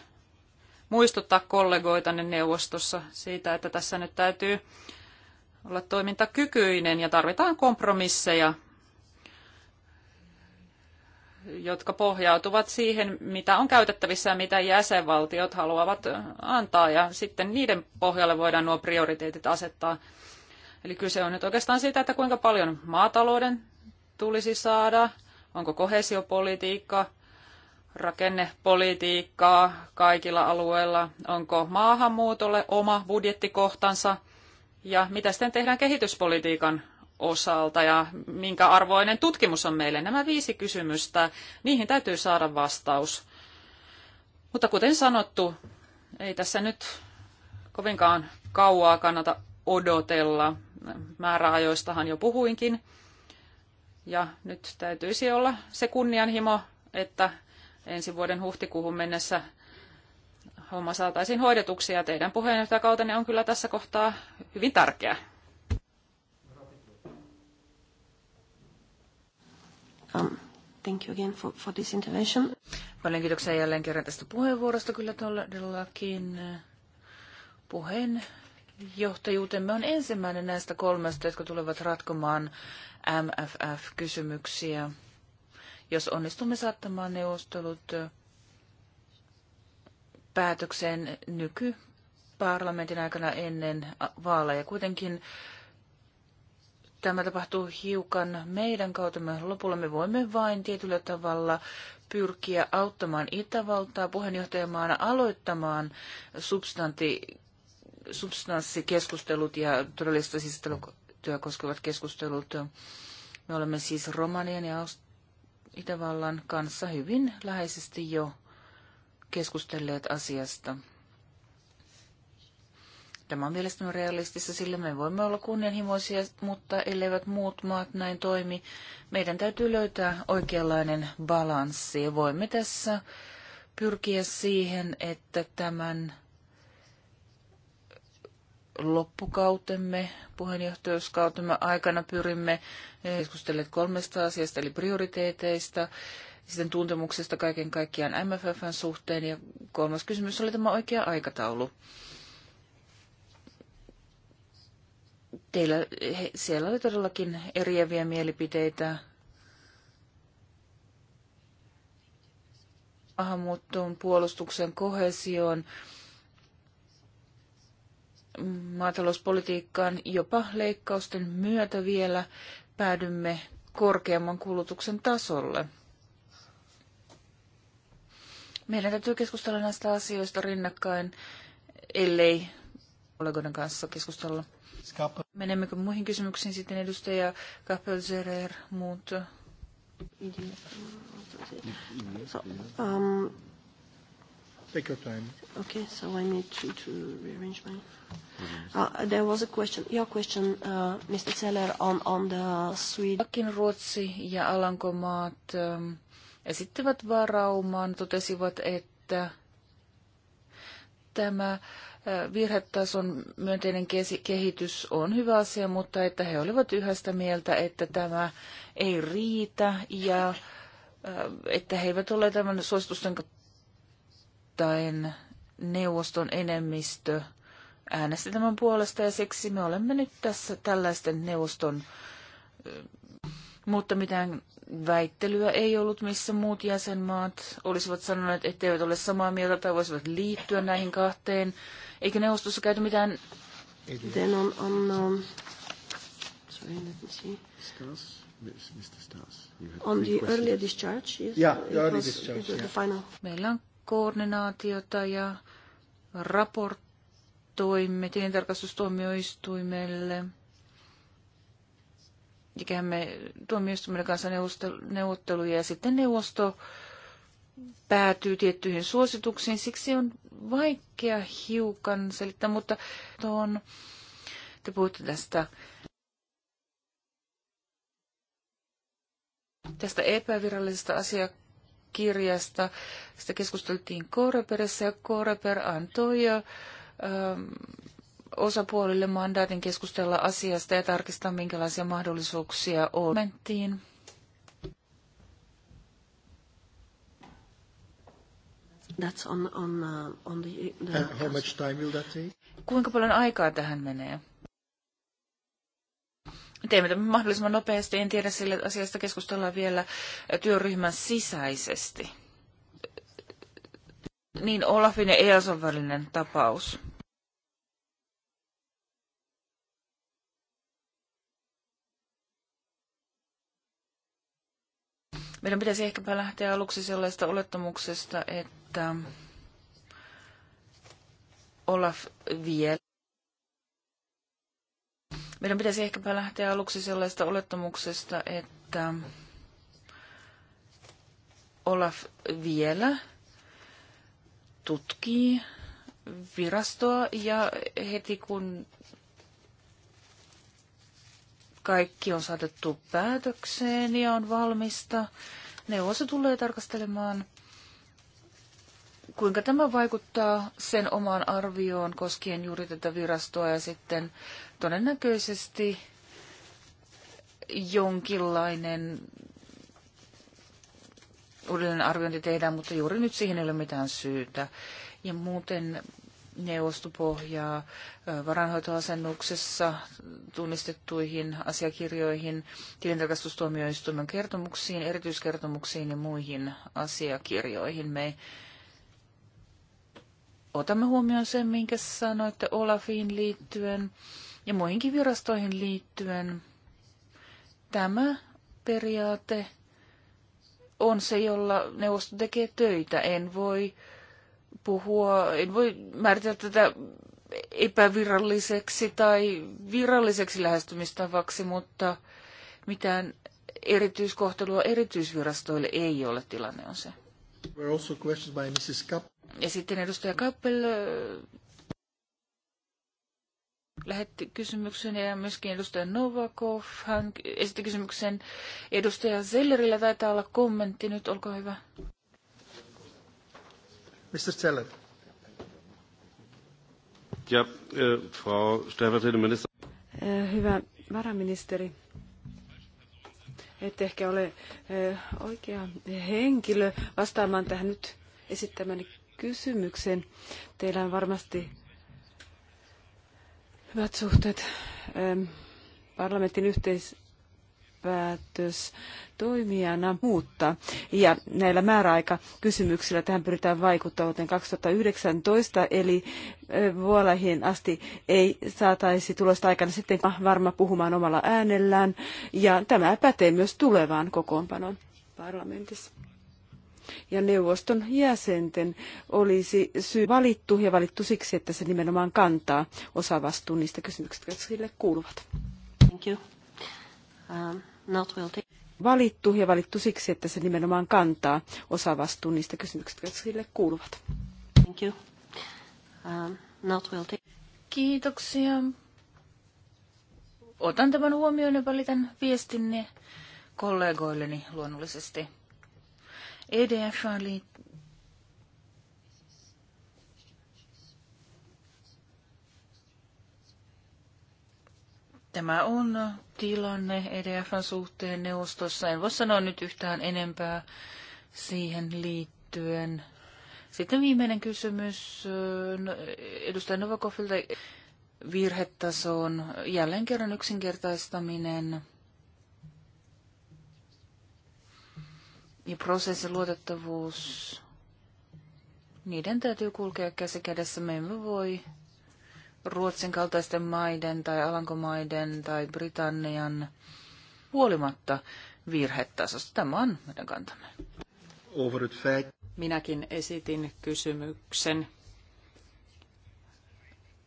muistuttaa kollegoitanne neuvostossa siitä, että tässä nyt täytyy olla toimintakykyinen ja tarvitaan kompromisseja – jotka pohjautuvat siihen, mitä on käytettävissä ja mitä jäsenvaltiot haluavat antaa. Ja sitten niiden pohjalle voidaan nuo prioriteetit asettaa. Eli kyse on nyt oikeastaan siitä, että kuinka paljon maatalouden tulisi saada, onko kohesiopolitiikka, rakennepolitiikkaa kaikilla alueilla, onko maahanmuutolle oma budjettikohtansa ja mitä sitten tehdään kehityspolitiikan osalta ja minkä arvoinen tutkimus on meille. Nämä viisi kysymystä, niihin täytyy saada vastaus. Mutta kuten sanottu, ei tässä nyt kovinkaan kauaa kannata odotella. Määräajoistahan jo puhuinkin. Ja nyt täytyisi olla se kunnianhimo, että ensi vuoden huhtikuuhun mennessä homma saataisiin hoidetuksi ja teidän puheenjohtajakautenne on kyllä tässä kohtaa hyvin tärkeä. Um, thank you again for, for this intervention. Paljon kiitoksia jälleen kerran tästä puheenvuorosta. Kyllä todellakin äh, puheen johtajuutemme on ensimmäinen näistä kolmesta, jotka tulevat ratkomaan MFF-kysymyksiä. Jos onnistumme saattamaan neuvostelut äh, päätökseen nykyparlamentin aikana ennen vaaleja. Kuitenkin tämä tapahtuu hiukan meidän kautemme lopulla. Me voimme vain tietyllä tavalla pyrkiä auttamaan Itävaltaa puheenjohtajamaana aloittamaan substanti, substanssikeskustelut ja todellista sisällötyötä koskevat keskustelut. Me olemme siis Romanian ja Itävallan kanssa hyvin läheisesti jo keskustelleet asiasta. Tämä on mielestäni realistista, sillä me voimme olla kunnianhimoisia, mutta elleivät muut maat näin toimi, meidän täytyy löytää oikeanlainen balanssi ja voimme tässä pyrkiä siihen, että tämän loppukautemme, puheenjohtajuuskautemme aikana pyrimme eh, keskustelemaan kolmesta asiasta, eli prioriteeteista, sitten tuntemuksesta kaiken kaikkiaan MFFn suhteen, ja kolmas kysymys oli tämä oikea aikataulu. Teillä, he, siellä oli todellakin eriäviä mielipiteitä maahanmuuttoon, puolustuksen, kohesioon, maatalouspolitiikkaan, jopa leikkausten myötä vielä päädymme korkeamman kulutuksen tasolle. Meidän täytyy keskustella näistä asioista rinnakkain, ellei kollegoiden kanssa keskustella Menemmekö muihin kysymyksiin sitten edustaja Kapelzerer, muut? So, um, Take your time. Okay, so I need to, to rearrange my... Uh, there was a question, your question, uh, Mr. Seller, on, on the Sweden... Ruotsi ja Alankomaat um, esittivät varauman, totesivat, että tämä virhetason myönteinen kehitys on hyvä asia, mutta että he olivat yhä sitä mieltä, että tämä ei riitä ja että he eivät ole tämän suositusten kattain neuvoston enemmistö äänesti tämän puolesta ja siksi me olemme nyt tässä tällaisten neuvoston, mutta mitään väittelyä ei ollut, missä muut jäsenmaat olisivat sanoneet, etteivät ole samaa mieltä tai voisivat liittyä näihin kahteen. Eikö neuvostossa käyty mitään... Then on, on um, sorry, let me see. Stas, Mr. Stas, on the questions. earlier discharge, yes. Yeah, the early was, discharge, yeah. the final. Meillä on koordinaatiota ja raportoimme tilintarkastustuomioistuimelle me tuomioistuimen kanssa neuvotteluja ja sitten neuvosto päätyy tiettyihin suosituksiin. Siksi on vaikea hiukan selittää, mutta tuon, te puhutte tästä tästä epävirallisesta asiakirjasta. Sitä keskusteltiin Koreperissä ja Koreper antoi ähm, osapuolille mandaatin keskustella asiasta ja tarkistaa, minkälaisia mahdollisuuksia on. Menttiin. That's on, on, uh, on the, the... And how much time will that take? Kuinka paljon aikaa tähän menee? Teemme tämän mahdollisimman nopeasti. En tiedä, sillä asiasta keskustellaan vielä työryhmän sisäisesti. Niin Olafin ja EASOn välinen tapaus. Meidän pitäisi ehkäpä lähteä aluksi sellaista olettamuksesta, että Olaf vielä. Meidän pitäisi ehkäpä lähteä aluksi sellaista olettamuksesta, että Olaf vielä tutkii virastoa ja heti kun kaikki on saatettu päätökseen ja on valmista. Neuvosto tulee tarkastelemaan, kuinka tämä vaikuttaa sen omaan arvioon koskien juuri tätä virastoa ja sitten todennäköisesti jonkinlainen uudelleen arviointi tehdään, mutta juuri nyt siihen ei ole mitään syytä. Ja muuten neuvostopohjaa pohjaa varanhoitoasennuksessa tunnistettuihin asiakirjoihin, tilintarkastustuomioistuimen kertomuksiin, erityiskertomuksiin ja muihin asiakirjoihin. Me otamme huomioon sen, minkä sanoitte Olafiin liittyen ja muihinkin virastoihin liittyen. Tämä periaate on se, jolla neuvosto tekee töitä. En voi äh, puhua, en voi määritellä tätä epäviralliseksi tai viralliseksi lähestymistavaksi, mutta mitään erityiskohtelua erityisvirastoille ei ole, tilanne on se. Ja sitten edustaja Kappel lähetti kysymyksen ja myöskin edustaja Novakov hän esitti kysymyksen. Edustaja Zellerillä taitaa olla kommentti nyt, olkaa hyvä. Mr. Zeller. Ja, äh, Frau stellvertretende Minister. Äh, hyvä varaministeri, et ehkä ole äh, oikea henkilö vastaamaan tähän nyt esittämäni kysymykseen Teillä on varmasti hyvät suhteet ähm, parlamentin yhteis- päätös toimijana muuttaa. Ja näillä määräaikakysymyksillä tähän pyritään vaikuttamaan vuoteen 2019, eli vuoleihin asti ei saataisi tulosta aikana sitten ah, varma puhumaan omalla äänellään. Ja tämä pätee myös tulevaan kokoonpanoon parlamentissa ja neuvoston jäsenten olisi syy valittu ja valittu siksi, että se nimenomaan kantaa osavastuun niistä kysymyksistä, jotka sille kuuluvat. Thank you. Um valittu ja valittu siksi, että se nimenomaan kantaa osavastuun niistä kysymyksistä, jotka sille kuuluvat. Thank you. Um, not guilty. Kiitoksia. Otan tämän huomioon ja välitän viestinne kollegoilleni luonnollisesti. EDF liittyy Tämä on tilanne EDFn suhteen neuvostossa. En voi sanoa nyt yhtään enempää siihen liittyen. Sitten viimeinen kysymys no, edustaja Novakovilta virhetasoon. Jälleen kerran yksinkertaistaminen ja prosessin luotettavuus. Niiden täytyy kulkea käsi kädessä. Me emme voi Ruotsin kaltaisten maiden tai Alankomaiden tai Britannian huolimatta virhetasosta. Tämä on meidän kantamme. Minäkin esitin kysymyksen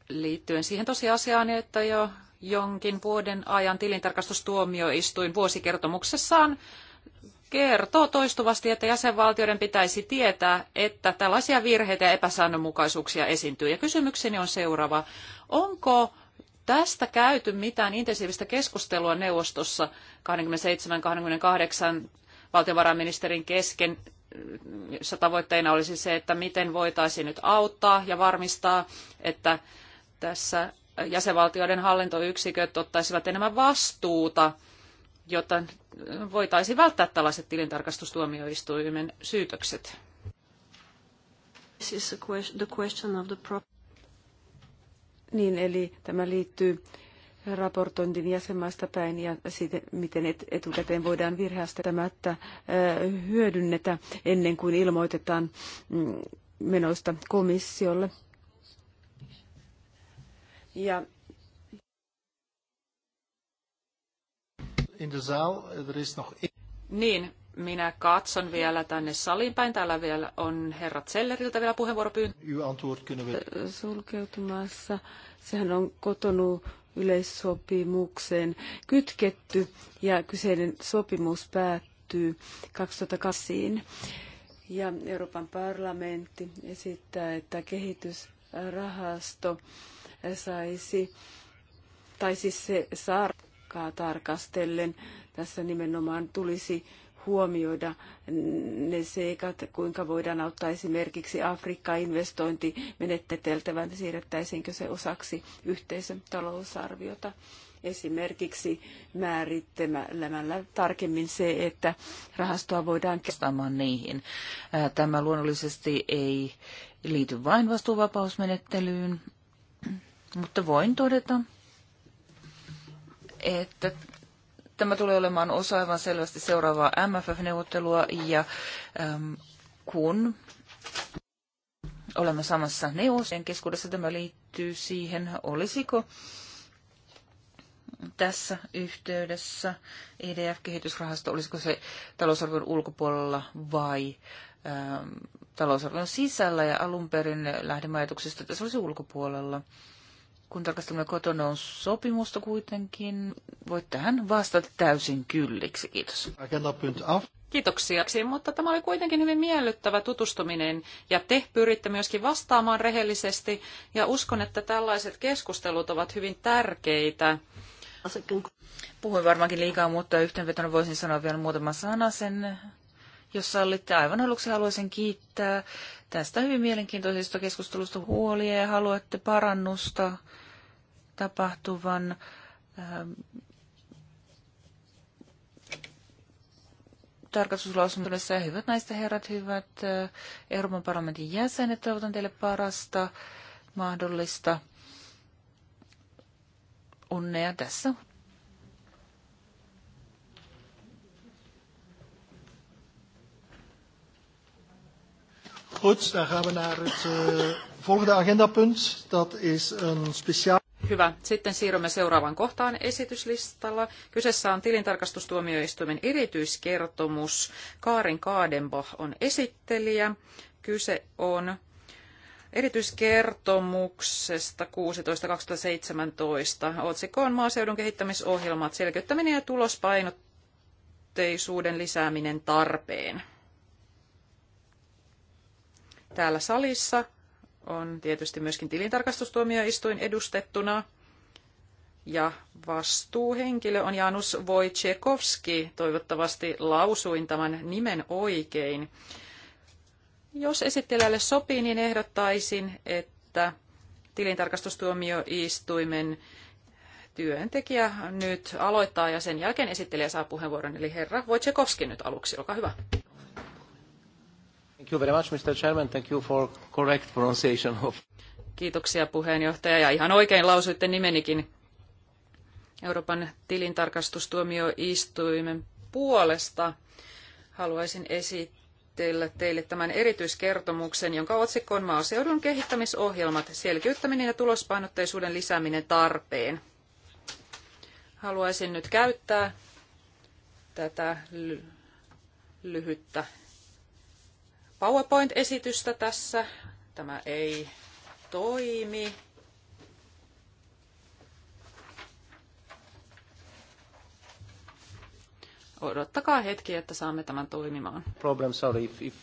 liittyen siihen tosiasiaan, että jo jonkin vuoden ajan tilintarkastustuomioistuin vuosikertomuksessaan kertoo toistuvasti, että jäsenvaltioiden pitäisi tietää, että tällaisia virheitä ja epäsäännönmukaisuuksia esiintyy. Ja kysymykseni on seuraava. Onko tästä käyty mitään intensiivistä keskustelua neuvostossa 27-28 valtiovarainministerin kesken, jossa tavoitteena olisi se, että miten voitaisiin nyt auttaa ja varmistaa, että tässä jäsenvaltioiden hallintoyksiköt ottaisivat enemmän vastuuta – jotta voitaisiin välttää tällaiset tilintarkastustuomioistuimen syytökset? Niin, eli tämä liittyy raportointin jäsenmaista päin ja siitä, miten et, etukäteen voidaan virheastamatta hyödynnetä ennen kuin ilmoitetaan mm, menoista komissiolle. Ja in zaal. Er is nog... Niin, minä katson vielä tänne saliin päin. Täällä vielä on herra Zelleriltä vielä puheenvuoropyyntö. Sulkeutumassa. Sehän on kotonu yleissopimukseen kytketty ja kyseinen sopimus päättyy 2008. Ja Euroopan parlamentti esittää, että kehitysrahasto saisi, tai siis se saa seikkaa tarkastellen. Tässä nimenomaan tulisi huomioida ne seikat, kuinka voidaan auttaa esimerkiksi Afrikka-investointi investointimenetteteltävän, siirrettäisiinkö se osaksi yhteisön talousarviota. Esimerkiksi määrittelemällä tarkemmin se, että rahastoa voidaan kestämään niihin. Tämä luonnollisesti ei liity vain vastuuvapausmenettelyyn, mutta voin todeta, että tämä tulee olemaan osa aivan selvästi seuraavaa MFF-neuvottelua ja äm, kun olemme samassa neuvostojen keskuudessa, tämä liittyy siihen, olisiko tässä yhteydessä EDF-kehitysrahasto, olisiko se talousarvion ulkopuolella vai äm, talousarvion sisällä ja alun perin lähdemme ajatuksesta, että se olisi ulkopuolella kun tarkastelemme kotona on sopimusta kuitenkin, voit tähän vastata täysin kylliksi. Kiitos. Kiitoksia, mutta tämä oli kuitenkin hyvin miellyttävä tutustuminen ja te pyritte myöskin vastaamaan rehellisesti ja uskon, että tällaiset keskustelut ovat hyvin tärkeitä. Puhuin varmaankin liikaa, mutta yhteenvetona voisin sanoa vielä muutama sana sen jos sallitte, aivan aluksi haluaisin kiittää tästä hyvin mielenkiintoisesta keskustelusta huolia ja haluatte parannusta tapahtuvan ähm, tarkastuslausunnossa ja hyvät naiset herrat, hyvät äh, Euroopan parlamentin jäsenet, toivotan teille parasta mahdollista onnea tässä Goed, dan gaan we naar het uh, volgende agendapunt. Dat is een speciaal... Hyvä. Sitten siirrymme seuraavaan kohtaan esityslistalla. Kyseessä on tilintarkastustuomioistuimen erityiskertomus. Kaarin Kaadenbach on esittelijä. Kyse on erityiskertomuksesta 16.2017. Otsikko on maaseudun kehittämisohjelmat, selkeyttäminen ja tulospainotteisuuden lisääminen tarpeen. Täällä salissa on tietysti myöskin tilintarkastustuomioistuin edustettuna. Ja vastuuhenkilö on Janus Wojciechowski. Toivottavasti lausuin tämän nimen oikein. Jos esittelijälle sopii, niin ehdottaisin, että tilintarkastustuomioistuimen työntekijä nyt aloittaa ja sen jälkeen esittelijä saa puheenvuoron. Eli herra Wojciechowski nyt aluksi, olkaa hyvä. Kiitoksia puheenjohtaja ja ihan oikein lausuitte nimenikin. Euroopan tilintarkastustuomioistuimen puolesta haluaisin esitellä teille tämän erityiskertomuksen, jonka otsikko on Maaseudun kehittämisohjelmat, selkeyttäminen ja tulospainotteisuuden lisääminen tarpeen. Haluaisin nyt käyttää tätä lyhyttä PowerPoint-esitystä tässä. Tämä ei toimi. Odottakaa hetki, että saamme tämän toimimaan. Problem, sorry, if, if,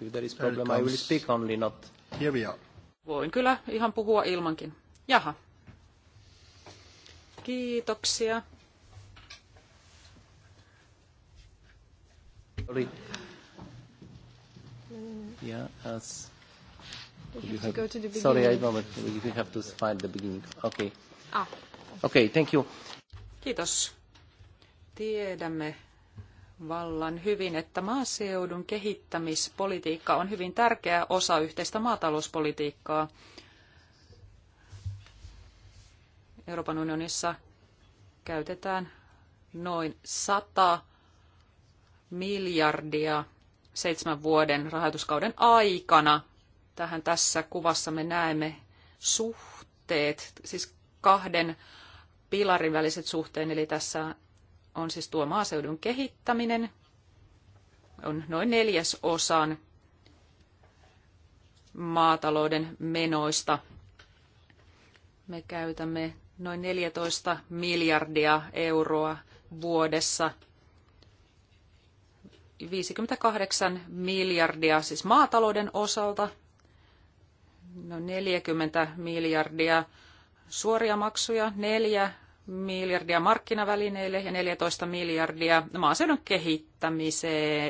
if there is problem, I will speak only not. Here we are. Voin kyllä ihan puhua ilmankin. Jaha. Kiitoksia. Sorry. Yeah, as you have, you have to go to the beginning. Sorry, I know, but we have to find the beginning. Okay. Ah. Okay, thank you. Kiitos. Tiedämme vallan hyvin, että maaseudun kehittämispolitiikka on hyvin tärkeä osa yhteistä maatalouspolitiikkaa. Euroopan unionissa käytetään noin 100 miljardia seitsemän vuoden rahoituskauden aikana. Tähän tässä kuvassa me näemme suhteet, siis kahden pilarin väliset suhteen, eli tässä on siis tuo maaseudun kehittäminen, on noin neljäs osan maatalouden menoista. Me käytämme noin 14 miljardia euroa vuodessa 58 miljardia siis maatalouden osalta, no 40 miljardia suoria maksuja, 4 miljardia markkinavälineille ja 14 miljardia maaseudun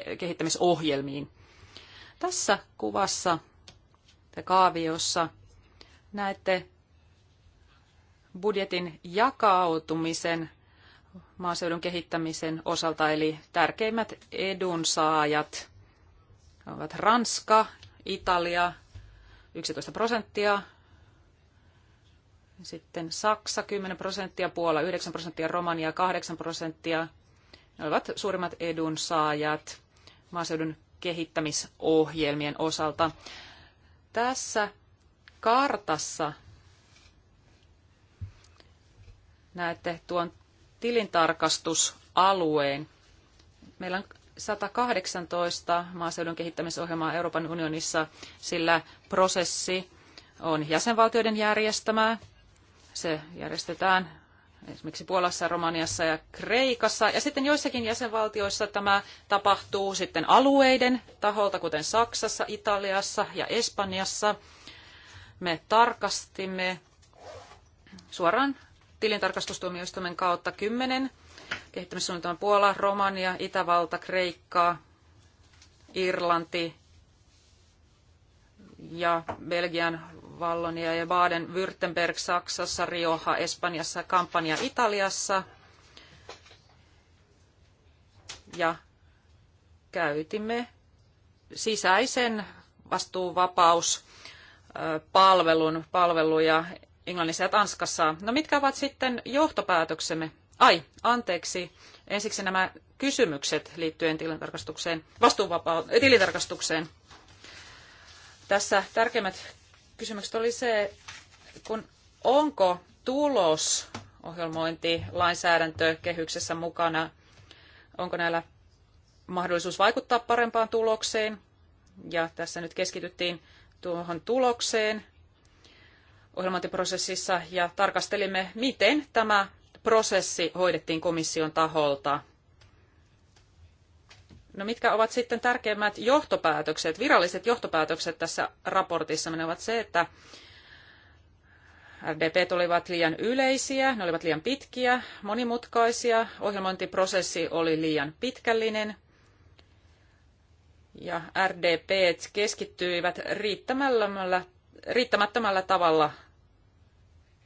kehittämisohjelmiin. Tässä kuvassa ja kaaviossa näette budjetin jakautumisen maaseudun kehittämisen osalta, eli tärkeimmät edunsaajat ovat Ranska, Italia, 11 prosenttia, sitten Saksa 10 prosenttia, Puola 9 prosenttia, Romania 8 prosenttia. Ne ovat suurimmat edunsaajat maaseudun kehittämisohjelmien osalta. Tässä kartassa näette tuon tilintarkastusalueen. Meillä on 118 maaseudun kehittämisohjelmaa Euroopan unionissa, sillä prosessi on jäsenvaltioiden järjestämää. Se järjestetään esimerkiksi Puolassa, Romaniassa ja Kreikassa. Ja sitten joissakin jäsenvaltioissa tämä tapahtuu sitten alueiden taholta, kuten Saksassa, Italiassa ja Espanjassa. Me tarkastimme suoraan tilintarkastustuomioistuimen kautta kymmenen kehittämissuunnitelman Puola, Romania, Itävalta, Kreikka, Irlanti ja Belgian Vallonia ja Baden-Württemberg Saksassa, Rioja Espanjassa, Kampanja Italiassa. Ja käytimme sisäisen vastuuvapauspalvelun palveluja Englannissa ja Tanskassa. No mitkä ovat sitten johtopäätöksemme? Ai, anteeksi. Ensiksi nämä kysymykset liittyen tilintarkastukseen, vastuunvapauteen, eh, tilintarkastukseen. Tässä tärkeimmät kysymykset oli se, kun onko tulos ohjelmointi lainsäädäntö kehyksessä mukana, onko näillä mahdollisuus vaikuttaa parempaan tulokseen. Ja tässä nyt keskityttiin tuohon tulokseen, ohjelmointiprosessissa ja tarkastelimme, miten tämä prosessi hoidettiin komission taholta. No mitkä ovat sitten tärkeimmät johtopäätökset, viralliset johtopäätökset tässä raportissa? Ne ovat se, että RDP olivat liian yleisiä, ne olivat liian pitkiä, monimutkaisia, ohjelmointiprosessi oli liian pitkällinen ja RDP keskittyivät riittämällä riittämättömällä tavalla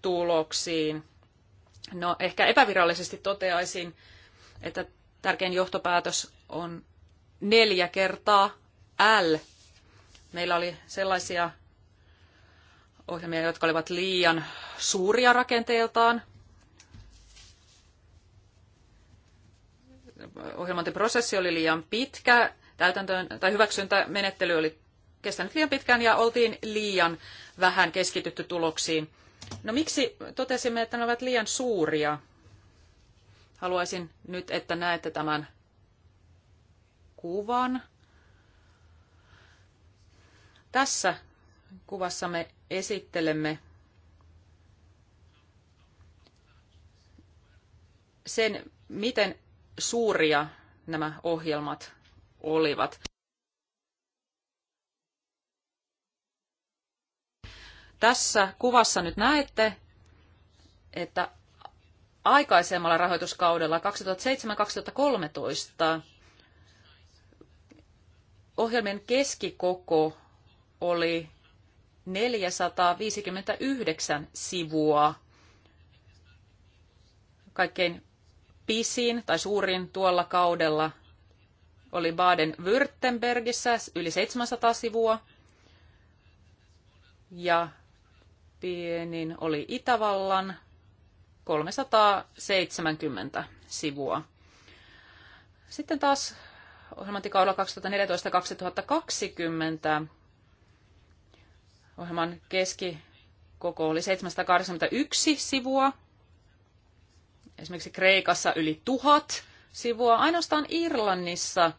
tuloksiin. No ehkä epävirallisesti toteaisin, että tärkein johtopäätös on neljä kertaa L. Meillä oli sellaisia ohjelmia, jotka olivat liian suuria rakenteeltaan. Ohjelmointiprosessi oli liian pitkä, täytäntöön, tai hyväksyntämenettely oli kestänyt liian pitkään ja oltiin liian vähän keskitytty tuloksiin. No miksi totesimme, että ne ovat liian suuria? Haluaisin nyt, että näette tämän kuvan. Tässä kuvassa me esittelemme sen, miten suuria nämä ohjelmat olivat. Tässä kuvassa nyt näette, että aikaisemmalla rahoituskaudella 2007-2013 ohjelmien keskikoko oli 459 sivua. Kaikkein pisin tai suurin tuolla kaudella oli Baden-Württembergissä yli 700 sivua ja pienin oli Itävallan 370 sivua. Sitten taas ohjelmantikaudella 2014-2020 ohjelman keskikoko oli 781 sivua. Esimerkiksi Kreikassa yli tuhat sivua. Ainoastaan Irlannissa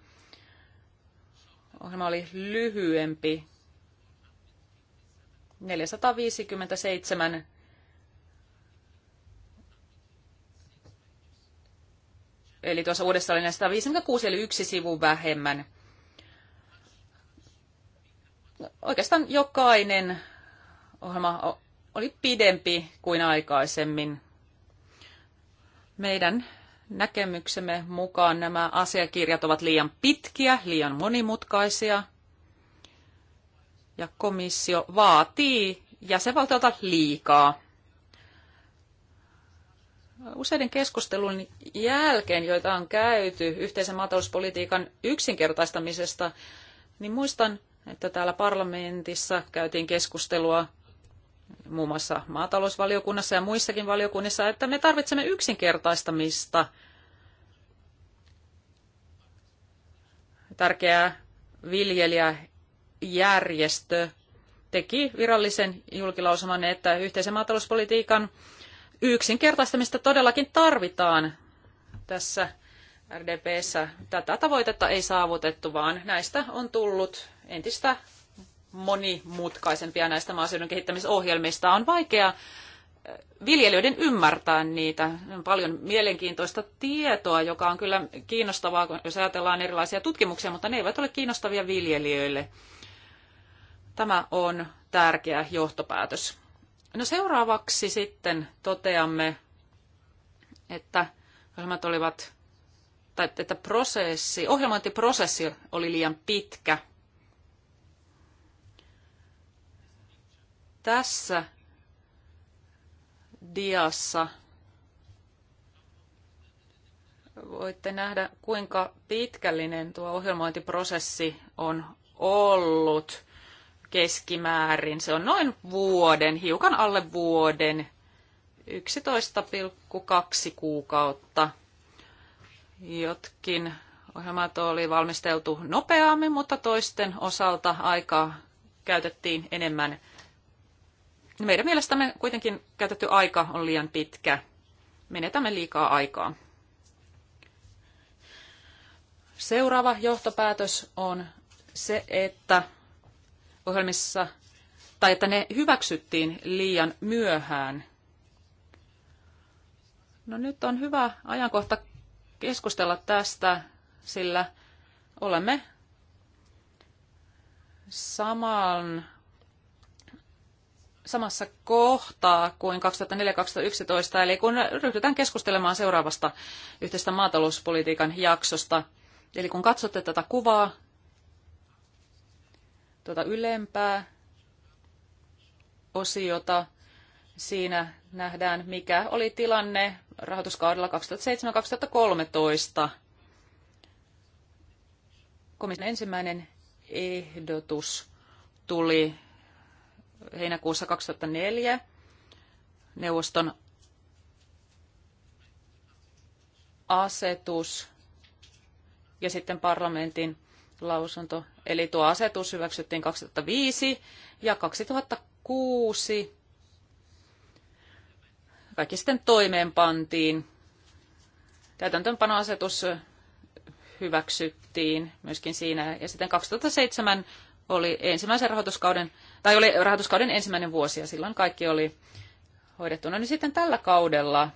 ohjelma oli lyhyempi, 457 Eli tuossa uudessa oli 156, eli yksi sivu vähemmän. Oikeastaan jokainen ohjelma oli pidempi kuin aikaisemmin. Meidän näkemyksemme mukaan nämä asiakirjat ovat liian pitkiä, liian monimutkaisia – ja komissio vaatii jäsenvaltiolta liikaa. Useiden keskustelun jälkeen, joita on käyty yhteisen maatalouspolitiikan yksinkertaistamisesta, niin muistan, että täällä parlamentissa käytiin keskustelua muun muassa maatalousvaliokunnassa ja muissakin valiokunnissa, että me tarvitsemme yksinkertaistamista. Tärkeää viljelijä järjestö teki virallisen julkilausuman, että yhteisen maatalouspolitiikan yksinkertaistamista todellakin tarvitaan tässä RDPssä. Tätä tavoitetta ei saavutettu, vaan näistä on tullut entistä monimutkaisempia näistä maaseudun kehittämisohjelmista. On vaikea eh, viljelijöiden ymmärtää niitä. On paljon mielenkiintoista tietoa, joka on kyllä kiinnostavaa, jos ajatellaan erilaisia tutkimuksia, mutta ne eivät ole kiinnostavia viljelijöille. Tämä on tärkeä johtopäätös. No seuraavaksi sitten toteamme, että ohjelmat olivat, tai että prosessi, ohjelmointiprosessi oli liian pitkä. Tässä diassa voitte nähdä, kuinka pitkällinen tuo ohjelmointiprosessi on ollut – keskimäärin. Se on noin vuoden, hiukan alle vuoden, 11,2 kuukautta. Jotkin ohjelmat oli valmisteltu nopeammin, mutta toisten osalta aikaa käytettiin enemmän. Meidän mielestämme kuitenkin käytetty aika on liian pitkä. Menetämme liikaa aikaa. Seuraava johtopäätös on se, että ohjelmissa, tai että ne hyväksyttiin liian myöhään. No nyt on hyvä ajankohta keskustella tästä, sillä olemme saman, samassa kohtaa kuin 2004-2011, eli kun ryhdytään keskustelemaan seuraavasta yhteistä maatalouspolitiikan jaksosta. Eli kun katsotte tätä kuvaa, tuota ylempää osiota. Siinä nähdään, mikä oli tilanne rahoituskaudella 2007-2013. Komission ensimmäinen ehdotus tuli heinäkuussa 2004 neuvoston asetus ja sitten parlamentin lausunto. Eli tuo asetus hyväksyttiin 2005 ja 2006 kaikki sitten toimeenpantiin. Täytäntöönpanoasetus hyväksyttiin myöskin siinä. Ja sitten 2007 oli ensimmäisen rahoituskauden, tai oli rahoituskauden ensimmäinen vuosi ja silloin kaikki oli hoidettu. No niin sitten tällä kaudella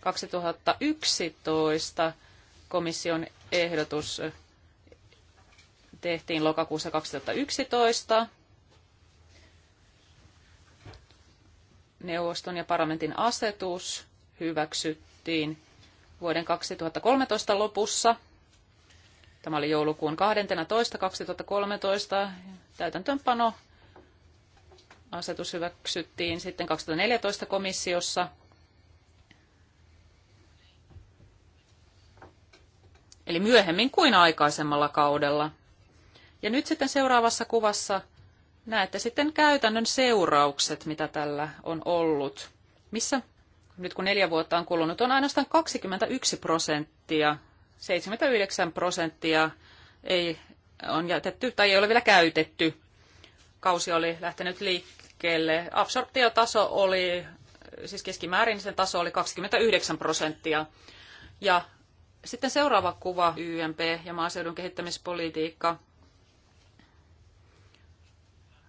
2011 komission ehdotus tehtiin lokakuussa 2011 neuvoston ja parlamentin asetus hyväksyttiin vuoden 2013 lopussa. Tämä oli joulukuun 12. 2013 täytäntöönpano. Asetus hyväksyttiin sitten 2014 komissiossa. Eli myöhemmin kuin aikaisemmalla kaudella, ja nyt sitten seuraavassa kuvassa näette sitten käytännön seuraukset, mitä tällä on ollut. Missä nyt kun neljä vuotta on kulunut, on ainoastaan 21 prosenttia, 79 prosenttia ei on jätetty tai ei ole vielä käytetty. Kausi oli lähtenyt liikkeelle. Absorptiotaso oli, siis keskimäärin sen taso oli 29 prosenttia. Ja sitten seuraava kuva, YMP ja maaseudun kehittämispolitiikka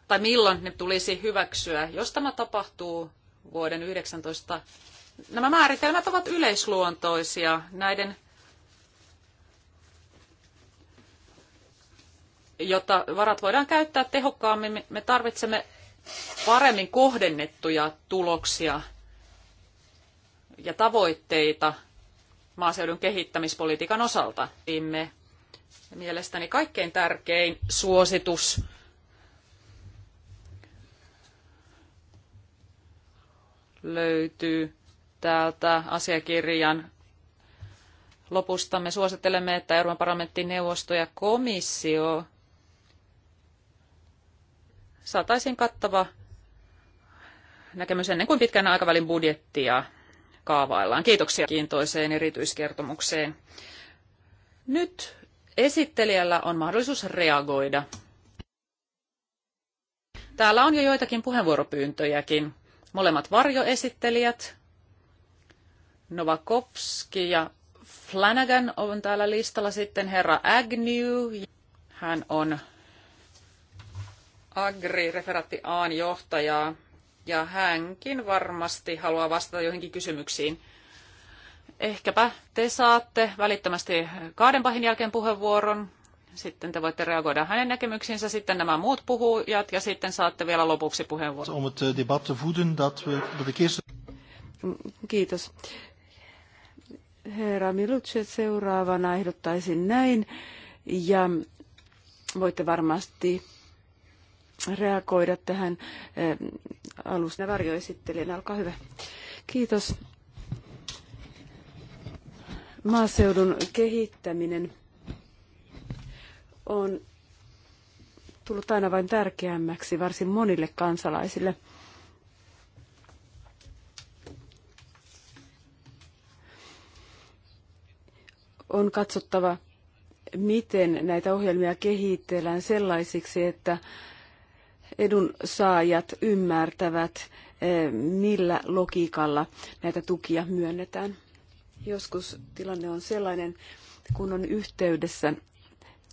tai milloin ne tulisi hyväksyä. Jos tämä tapahtuu vuoden 19, nämä määritelmät ovat yleisluontoisia. Näiden jotta varat voidaan käyttää tehokkaammin, me tarvitsemme paremmin kohdennettuja tuloksia ja tavoitteita maaseudun kehittämispolitiikan osalta. Mielestäni kaikkein tärkein suositus löytyy täältä asiakirjan lopusta. Me suosittelemme, että Euroopan parlamentin neuvosto ja komissio saataisiin kattava näkemys ennen kuin pitkän aikavälin budjettia kaavaillaan. Kiitoksia kiintoiseen erityiskertomukseen. Nyt esittelijällä on mahdollisuus reagoida. Täällä on jo joitakin puheenvuoropyyntöjäkin. Molemmat varjoesittelijät, Novakovski ja Flanagan on täällä listalla. Sitten herra Agnew, hän on Agri-referaatti Aan johtaja ja hänkin varmasti haluaa vastata joihinkin kysymyksiin. Ehkäpä te saatte välittömästi kahden pahin jälkeen puheenvuoron sitten te voitte reagoida hänen näkemyksiinsä, sitten nämä muut puhujat ja sitten saatte vielä lopuksi puheenvuoron. Eh, voeden Kiitos. Herra Milutse seuraavana ehdottaisin näin ja voitte varmasti reagoida tähän eh, alusta varjoesittelijän. Olkaa hyvä. Kiitos. Maaseudun kehittäminen on tullut aina vain tärkeämmäksi varsin monille kansalaisille. On katsottava, miten näitä ohjelmia kehitellään sellaisiksi, että edunsaajat ymmärtävät, eh, millä logiikalla näitä tukia myönnetään. Joskus tilanne on sellainen, kun on yhteydessä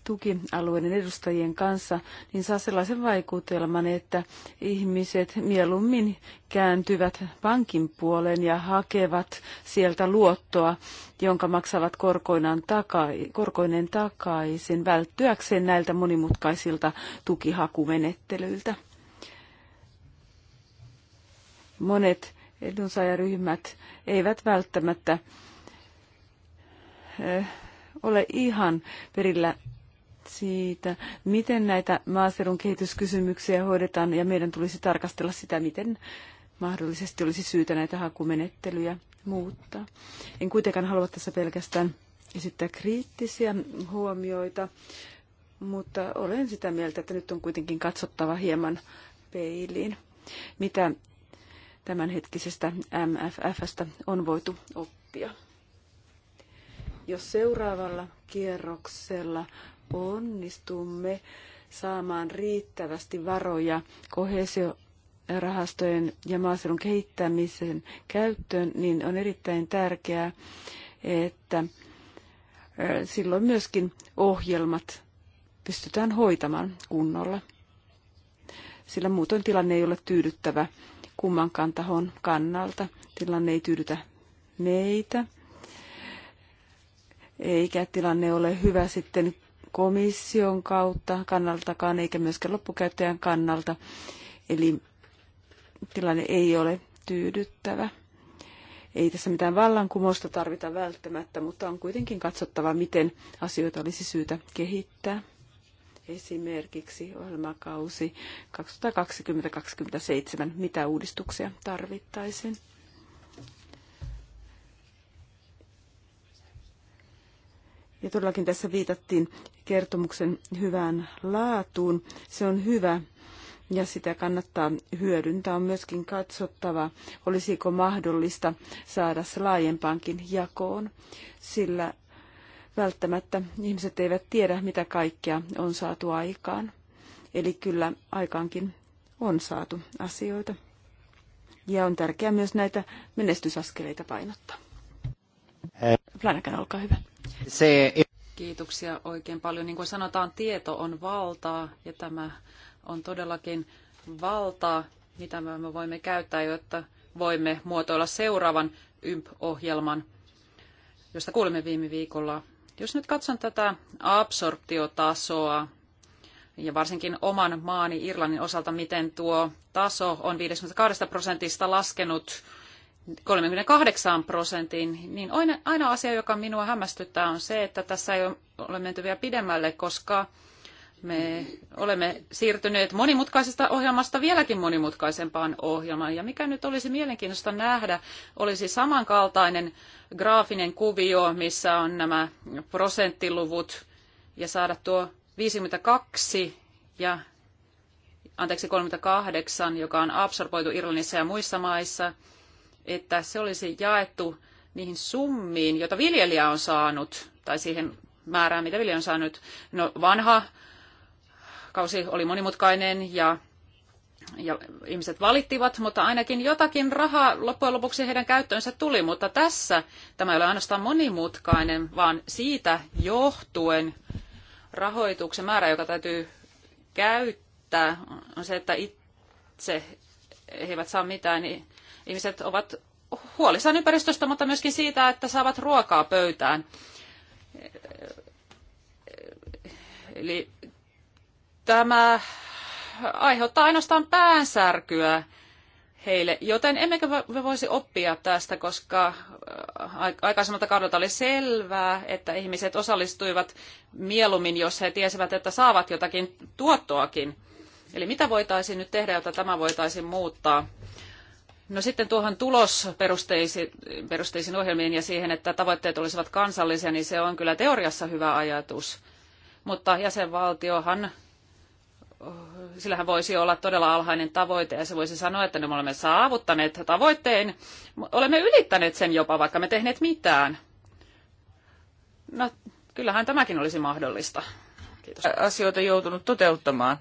tukialueiden edustajien kanssa, niin saa sellaisen vaikutelman, että ihmiset mieluummin kääntyvät pankin puoleen ja hakevat sieltä luottoa, jonka maksavat korkoinaan korkoinen takaisin, välttyäkseen näiltä monimutkaisilta tukihakumenettelyiltä. Monet edunsaajaryhmät eivät välttämättä eh, ole ihan perillä siitä, miten näitä maaseudun kehityskysymyksiä hoidetaan ja meidän tulisi tarkastella sitä, miten mahdollisesti olisi syytä näitä hakumenettelyjä muuttaa. En kuitenkaan halua tässä pelkästään esittää kriittisiä huomioita, mutta olen sitä mieltä, että nyt on kuitenkin katsottava hieman peiliin, mitä tämänhetkisestä MFFstä on voitu oppia. Jos seuraavalla kierroksella onnistumme saamaan riittävästi varoja kohesio rahastojen ja maaseudun kehittämisen käyttöön, niin on erittäin tärkeää, että silloin myöskin ohjelmat pystytään hoitamaan kunnolla. Sillä muutoin tilanne ei ole tyydyttävä kummankaan tahon kannalta. Tilanne ei tyydytä meitä, eikä tilanne ole hyvä sitten komission kautta kannaltakaan eikä myöskään loppukäyttäjän kannalta. Eli tilanne ei ole tyydyttävä. Ei tässä mitään vallankumousta tarvita välttämättä, mutta on kuitenkin katsottava, miten asioita olisi syytä kehittää. Esimerkiksi ohjelmakausi 2020-2027, mitä uudistuksia tarvittaisiin. Ja todellakin tässä viitattiin kertomuksen hyvään laatuun. Se on hyvä ja sitä kannattaa hyödyntää. On myöskin katsottava, olisiko mahdollista saada se laajempaankin jakoon, sillä välttämättä ihmiset eivät tiedä, mitä kaikkea on saatu aikaan. Eli kyllä aikaankin on saatu asioita. Ja on tärkeää myös näitä menestysaskeleita painottaa. Flanagan, olkaa hyvä. Se... Kiitoksia oikein paljon. Niin kuin sanotaan, tieto on valtaa ja tämä on todellakin valtaa, mitä me voimme käyttää, jotta voimme muotoilla seuraavan YMP-ohjelman, josta kuulimme viime viikolla. Jos nyt katson tätä absorptiotasoa, ja varsinkin oman maani Irlannin osalta, miten tuo taso on 52 prosentista laskenut 38 prosentin, niin aina asia, joka minua hämmästyttää, on se, että tässä ei ole menty vielä pidemmälle, koska me olemme siirtyneet monimutkaisesta ohjelmasta vieläkin monimutkaisempaan ohjelmaan. Ja mikä nyt olisi mielenkiintoista nähdä, olisi samankaltainen graafinen kuvio, missä on nämä prosenttiluvut ja saada tuo 52 ja anteeksi 38, joka on absorboitu Irlannissa ja muissa maissa, että se olisi jaettu niihin summiin, joita viljelijä on saanut, tai siihen määrään, mitä viljelijä on saanut. No, vanha kausi oli monimutkainen ja, ja ihmiset valittivat, mutta ainakin jotakin rahaa loppujen lopuksi heidän käyttöönsä tuli. Mutta tässä tämä ei ole ainoastaan monimutkainen, vaan siitä johtuen rahoituksen määrä, joka täytyy käyttää, on se, että itse he eivät saa mitään, niin Ihmiset ovat huolissaan ympäristöstä, mutta myöskin siitä, että saavat ruokaa pöytään. Eli tämä aiheuttaa ainoastaan päänsärkyä heille, joten emmekö me voisi oppia tästä, koska äh, aikaisemmalta kaudelta oli selvää, että ihmiset osallistuivat mieluummin, jos he tiesivät, että saavat jotakin tuottoakin. Eli mitä voitaisiin nyt tehdä, jotta tämä voitaisiin muuttaa? No sitten tuohon tulosperusteisiin ohjelmiin ja siihen, että tavoitteet olisivat kansallisia, niin se on kyllä teoriassa hyvä ajatus. Mutta jäsenvaltiohan, sillähän voisi olla todella alhainen tavoite ja se voisi sanoa, että no me olemme saavuttaneet tavoitteen, olemme ylittäneet sen jopa, vaikka me tehneet mitään. No kyllähän tämäkin olisi mahdollista. Kiitos. Asioita joutunut toteuttamaan.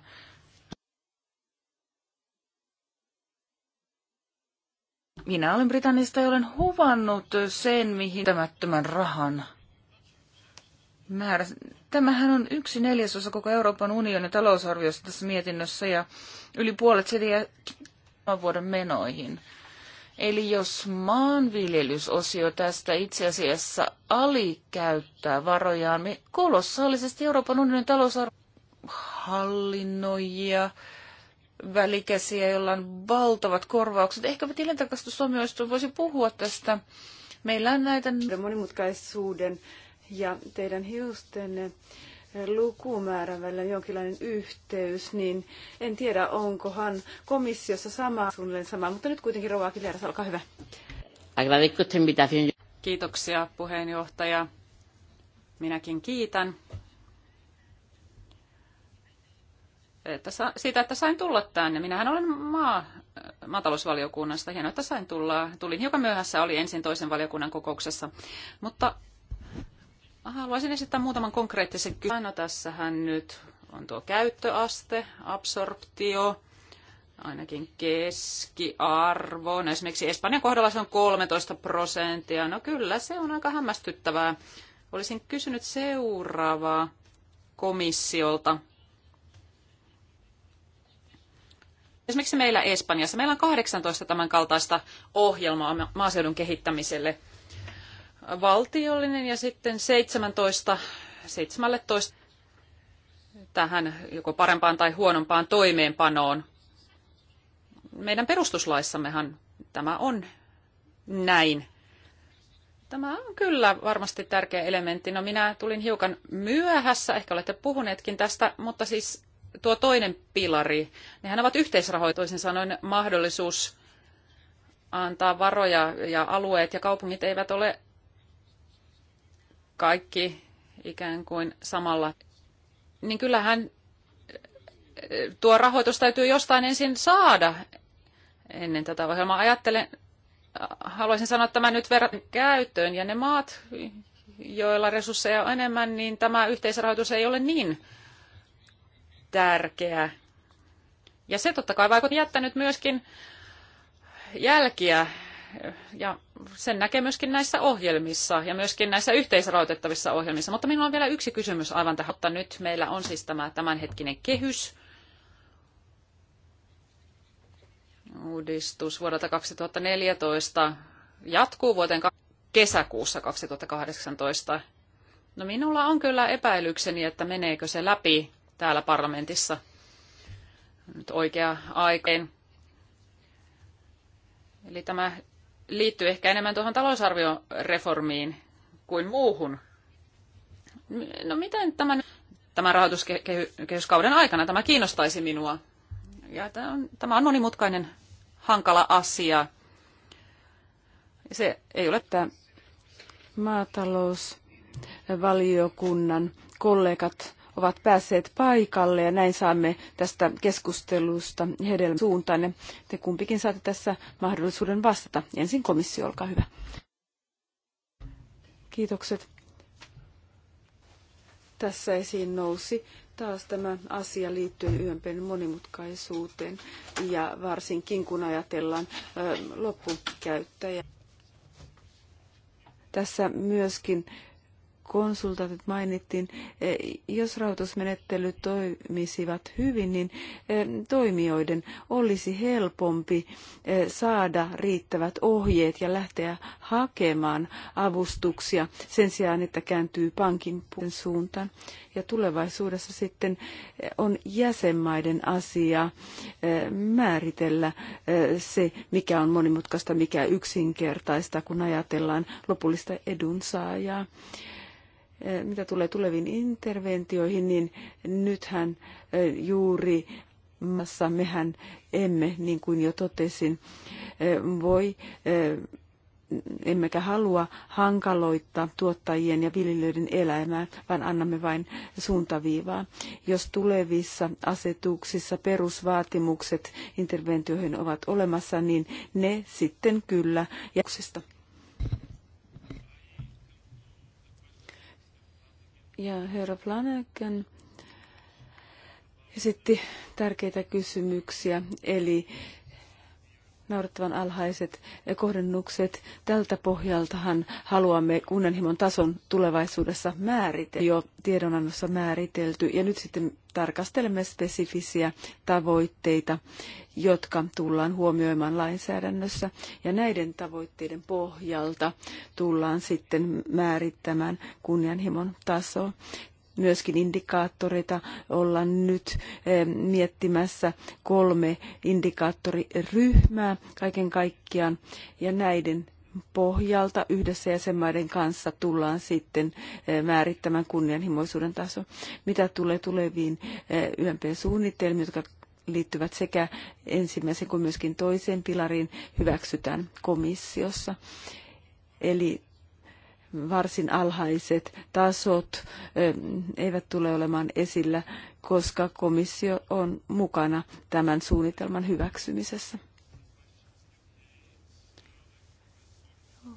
Minä olen Britannista ja olen huvannut sen, mihin tämättömän rahan määrä. Tämähän on yksi neljäsosa koko Euroopan unionin talousarviosta tässä mietinnössä ja yli puolet se jää vuoden menoihin. Eli jos maanviljelysosio tästä itse asiassa alikäyttää varojaan, me kolossaalisesti Euroopan unionin talousarvio hallinnoijia, välikäsiä, joilla on valtavat korvaukset. Ehkä tilintarkastustuomioistuin voisi puhua tästä. Meillä on näitä... Monimutkaisuuden ja teidän hiustenne lukumäärän välillä jonkinlainen yhteys, niin en tiedä, onkohan komissiossa sama, suunnilleen sama, mutta nyt kuitenkin Rova Kileras, olkaa hyvä. Kiitoksia puheenjohtaja. Minäkin kiitän että sa- siitä, että sain tulla tänne. Minähän olen maa, maatalousvaliokunnasta. Hienoa, että sain tulla. Tulin hiukan myöhässä, oli ensin toisen valiokunnan kokouksessa. Mutta haluaisin esittää muutaman konkreettisen kysymyksen. No, tässähän nyt on tuo käyttöaste, absorptio, ainakin keskiarvo. No esimerkiksi Espanjan kohdalla se on 13 prosenttia. No kyllä, se on aika hämmästyttävää. Olisin kysynyt seuraavaa komissiolta Esimerkiksi meillä Espanjassa, meillä on 18 tämän kaltaista ohjelmaa maaseudun kehittämiselle. Valtiollinen ja sitten 17, 17 tähän joko parempaan tai huonompaan toimeenpanoon. Meidän perustuslaissammehan tämä on näin. Tämä on kyllä varmasti tärkeä elementti. No minä tulin hiukan myöhässä, ehkä olette puhuneetkin tästä, mutta siis tuo toinen pilari, nehän ovat yhteisrahoitoisin sanoen mahdollisuus antaa varoja ja alueet ja kaupungit eivät ole kaikki ikään kuin samalla. Niin kyllähän eh, tuo rahoitus täytyy jostain ensin saada ennen tätä ohjelmaa. Ajattelen, eh, haluaisin sanoa tämän nyt verran käyttöön ja ne maat, joilla resursseja on enemmän, niin tämä yhteisrahoitus ei ole niin tärkeä. Ja se totta kai vaikutti jättänyt myöskin jälkiä ja sen näkee myöskin näissä ohjelmissa ja myöskin näissä yhteisrahoitettavissa ohjelmissa. Mutta minulla on vielä yksi kysymys aivan tähän. Mutta nyt meillä on siis tämä tämänhetkinen kehys. Uudistus vuodelta 2014 jatkuu vuoteen kesäkuussa 2018. No minulla on kyllä epäilykseni, että meneekö se läpi täällä parlamentissa nyt oikea aikeen. Eli tämä liittyy ehkä enemmän tuohon talousarvioreformiin kuin muuhun. No miten tämän, tämän rahoituskehyskauden aikana tämä kiinnostaisi minua? Ja tämä, on, tämä on monimutkainen, hankala asia. Se ei ole tämä maatalousvaliokunnan kollegat ovat päässeet paikalle ja näin saamme tästä keskustelusta hedelmän suuntaan. Te kumpikin saatte tässä mahdollisuuden vastata. Ensin komissio, olkaa hyvä. Kiitokset. Tässä esiin nousi taas tämä asia liittyen YMPn monimutkaisuuteen ja varsinkin kun ajatellaan loppukäyttäjää. Tässä myöskin konsultaatit mainittiin. E, jos rahoitusmenettelyt toimisivat hyvin, niin e, toimijoiden olisi helpompi e, saada riittävät ohjeet ja lähteä hakemaan avustuksia sen sijaan, että kääntyy pankin suuntaan. Ja tulevaisuudessa sitten on jäsenmaiden asia määritellä se, mikä on monimutkaista, mikä yksinkertaista, kun ajatellaan lopullista edunsaajaa. Eh, mitä tulee tuleviin interventioihin, niin nythän eh, juuri massa mehän emme, niin kuin jo totesin, eh, voi emmekä halua hankaloittaa tuottajien ja viljelijöiden elämää, vaan annamme vain suuntaviivaa. Jos tulevissa asetuksissa perusvaatimukset interventioihin ovat olemassa, niin ne sitten kyllä jaksista. ja herra Flanagan esitti tärkeitä kysymyksiä, eli naurettavan alhaiset kohdennukset. Tältä pohjaltahan haluamme kunnanhimon tason tulevaisuudessa määritellä, jo tiedonannossa määritelty. Ja nyt sitten tarkastelemme spesifisiä tavoitteita, jotka tullaan huomioimaan lainsäädännössä. Ja näiden tavoitteiden pohjalta tullaan sitten määrittämään kunnianhimon taso myöskin indikaattoreita olla nyt eh, miettimässä kolme indikaattoriryhmää kaiken kaikkiaan ja näiden pohjalta yhdessä jäsenmaiden kanssa tullaan sitten eh, määrittämään kunnianhimoisuuden taso. Mitä tulee tuleviin eh, YMP-suunnitelmiin, jotka liittyvät sekä ensimmäisen kuin myöskin toiseen pilariin, hyväksytään komissiossa. Eli varsin alhaiset tasot eivät tule olemaan esillä, koska komissio on mukana tämän suunnitelman hyväksymisessä.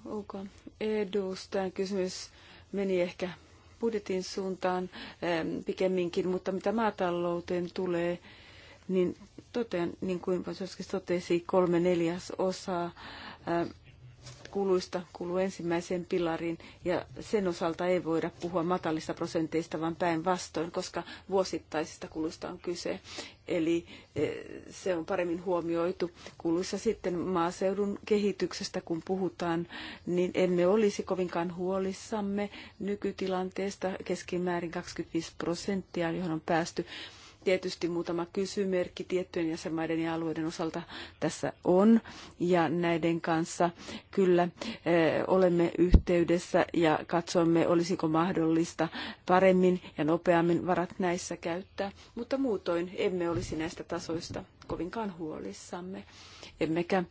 Okay. Edustajan kysymys meni ehkä budjetin suuntaan pikemminkin, mutta mitä maatalouteen tulee, niin totean, niin kuin Vasoskis totesi, kolme neljäs osaa kuluista kuuluu ensimmäiseen pilariin ja sen osalta ei voida puhua matalista prosenteista, vaan päinvastoin, koska vuosittaisista kuluista on kyse. Eli e, se on paremmin huomioitu kuluissa sitten maaseudun kehityksestä, kun puhutaan, niin emme olisi kovinkaan huolissamme nykytilanteesta keskimäärin 25 prosenttia, johon on päästy tietysti muutama kysymerkki tiettyjen jäsenmaiden ja alueiden osalta tässä on. Ja näiden kanssa kyllä eh, olemme yhteydessä ja katsomme, olisiko mahdollista paremmin ja nopeammin varat näissä käyttää. Mutta muutoin emme olisi näistä tasoista kovinkaan huolissamme. Emmekä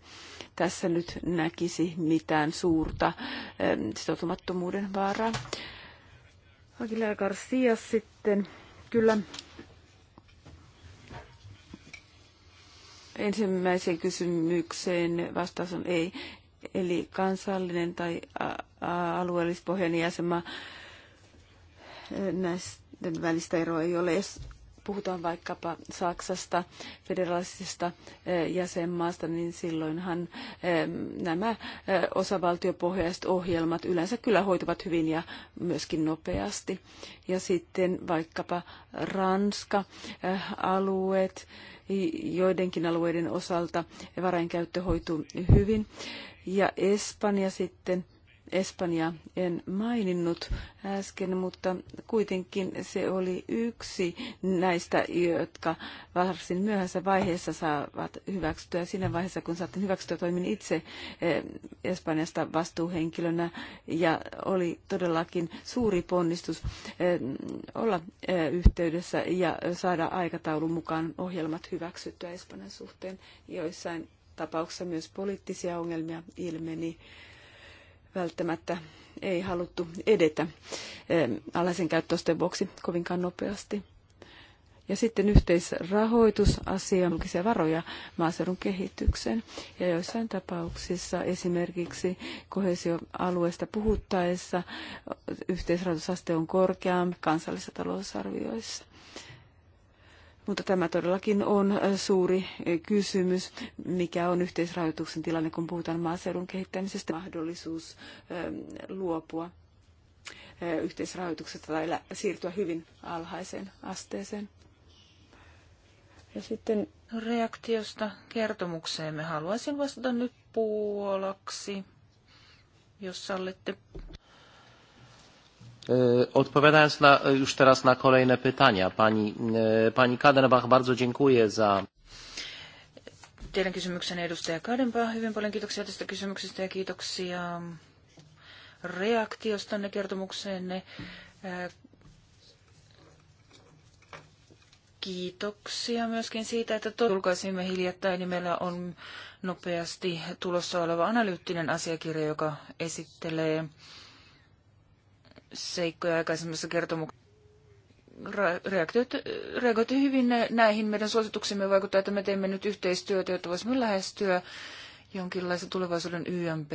tässä nyt näkisi mitään suurta eh, sitoutumattomuuden vaaraa. Aguilera Garcia sitten. Kyllä Ensimmäiseen kysymykseen vastaus on ei. Eli kansallinen tai alueellispohjainen jäsenmaa näistä välistä eroa ei ole puhutaan vaikkapa Saksasta, federalistisesta eh, jäsenmaasta, niin silloinhan eh, nämä eh, osavaltiopohjaiset ohjelmat yleensä kyllä hoituvat hyvin ja myöskin nopeasti. Ja sitten vaikkapa Ranska-alueet, joidenkin alueiden osalta varainkäyttö hoituu hyvin. Ja Espanja sitten Espanja en maininnut äsken, mutta kuitenkin se oli yksi näistä, jotka varsin myöhässä vaiheessa saavat hyväksyttyä. Siinä vaiheessa, kun saatiin hyväksyttyä, toimin itse eh, Espanjasta vastuuhenkilönä ja oli todellakin suuri ponnistus eh, olla eh, yhteydessä ja saada aikataulun mukaan ohjelmat hyväksyttyä Espanjan suhteen. Joissain tapauksessa myös poliittisia ongelmia ilmeni välttämättä ei haluttu edetä eh, alaisen käyttöosten vuoksi kovinkaan nopeasti. Ja sitten yhteisrahoitusasia, julkisia varoja maaseudun kehitykseen. Ja joissain tapauksissa esimerkiksi kohesioalueesta puhuttaessa yhteisrahoitusaste on korkeampi kansallisissa talousarvioissa. Mutta tämä todellakin on suuri kysymys, mikä on yhteisrahoituksen tilanne, kun puhutaan maaseudun kehittämisestä, mahdollisuus luopua yhteisrahoituksesta tai siirtyä hyvin alhaiseen asteeseen. Ja sitten reaktiosta kertomukseen me haluaisin vastata nyt puolaksi, jos sallitte E, odpowiadając na, e, już teraz na kolejne pytania, pani, e, pani Kadenbach, bardzo dziękuję za edustaja Hyvin paljon kiitoksia tästä kysymyksestä ja kiitoksia reaktiostanne kertomukseenne. Kiitoksia myöskin siitä, että tulkaisimme hiljattain, niin meillä on nopeasti tulossa oleva analyyttinen asiakirja, joka esittelee seikkoja aikaisemmassa kertomuksessa. Reagoitte hyvin näihin meidän suosituksimme vaikuttaa, että me teemme nyt yhteistyötä, jotta voisimme lähestyä jonkinlaisen tulevaisuuden YMP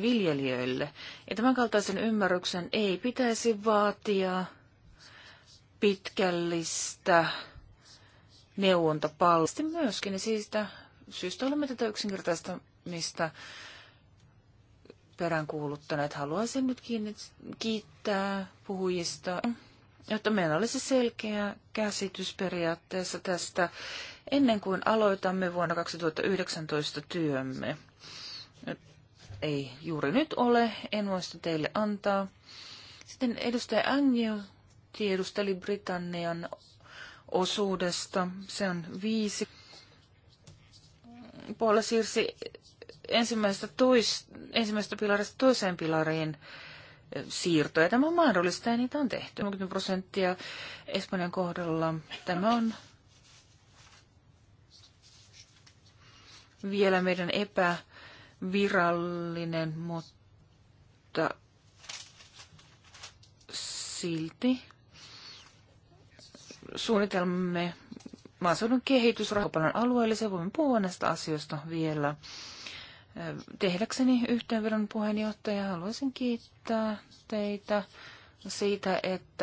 viljelijöille. Ja tämän kaltaisen ymmärryksen ei pitäisi vaatia pitkällistä neuvontapalvelua. Sitten myöskin, niin siitä syystä olemme tätä mistä peräänkuuluttaneet. Haluaisin nyt kiittää puhujista, jotta meillä olisi selkeä käsitys periaatteessa tästä ennen kuin aloitamme vuonna 2019 työmme. Ei juuri nyt ole, en voi sitä teille antaa. Sitten edustaja Angel tiedusteli Britannian osuudesta. Se on viisi. Puola siirsi ensimmäisestä, tuis, ensimmäisestä pilarista toiseen pilariin siirtoja. Tämä on mahdollista ja niitä on tehty. 30 prosenttia Espanjan kohdalla. Tämä on vielä meidän epävirallinen, mutta silti suunnitelmamme maaseudun kehitysrahoipalan alueelle. Se voimme puhua näistä asioista vielä. Tehdäkseni yhteenvedon puheenjohtaja haluaisin kiittää teitä siitä, että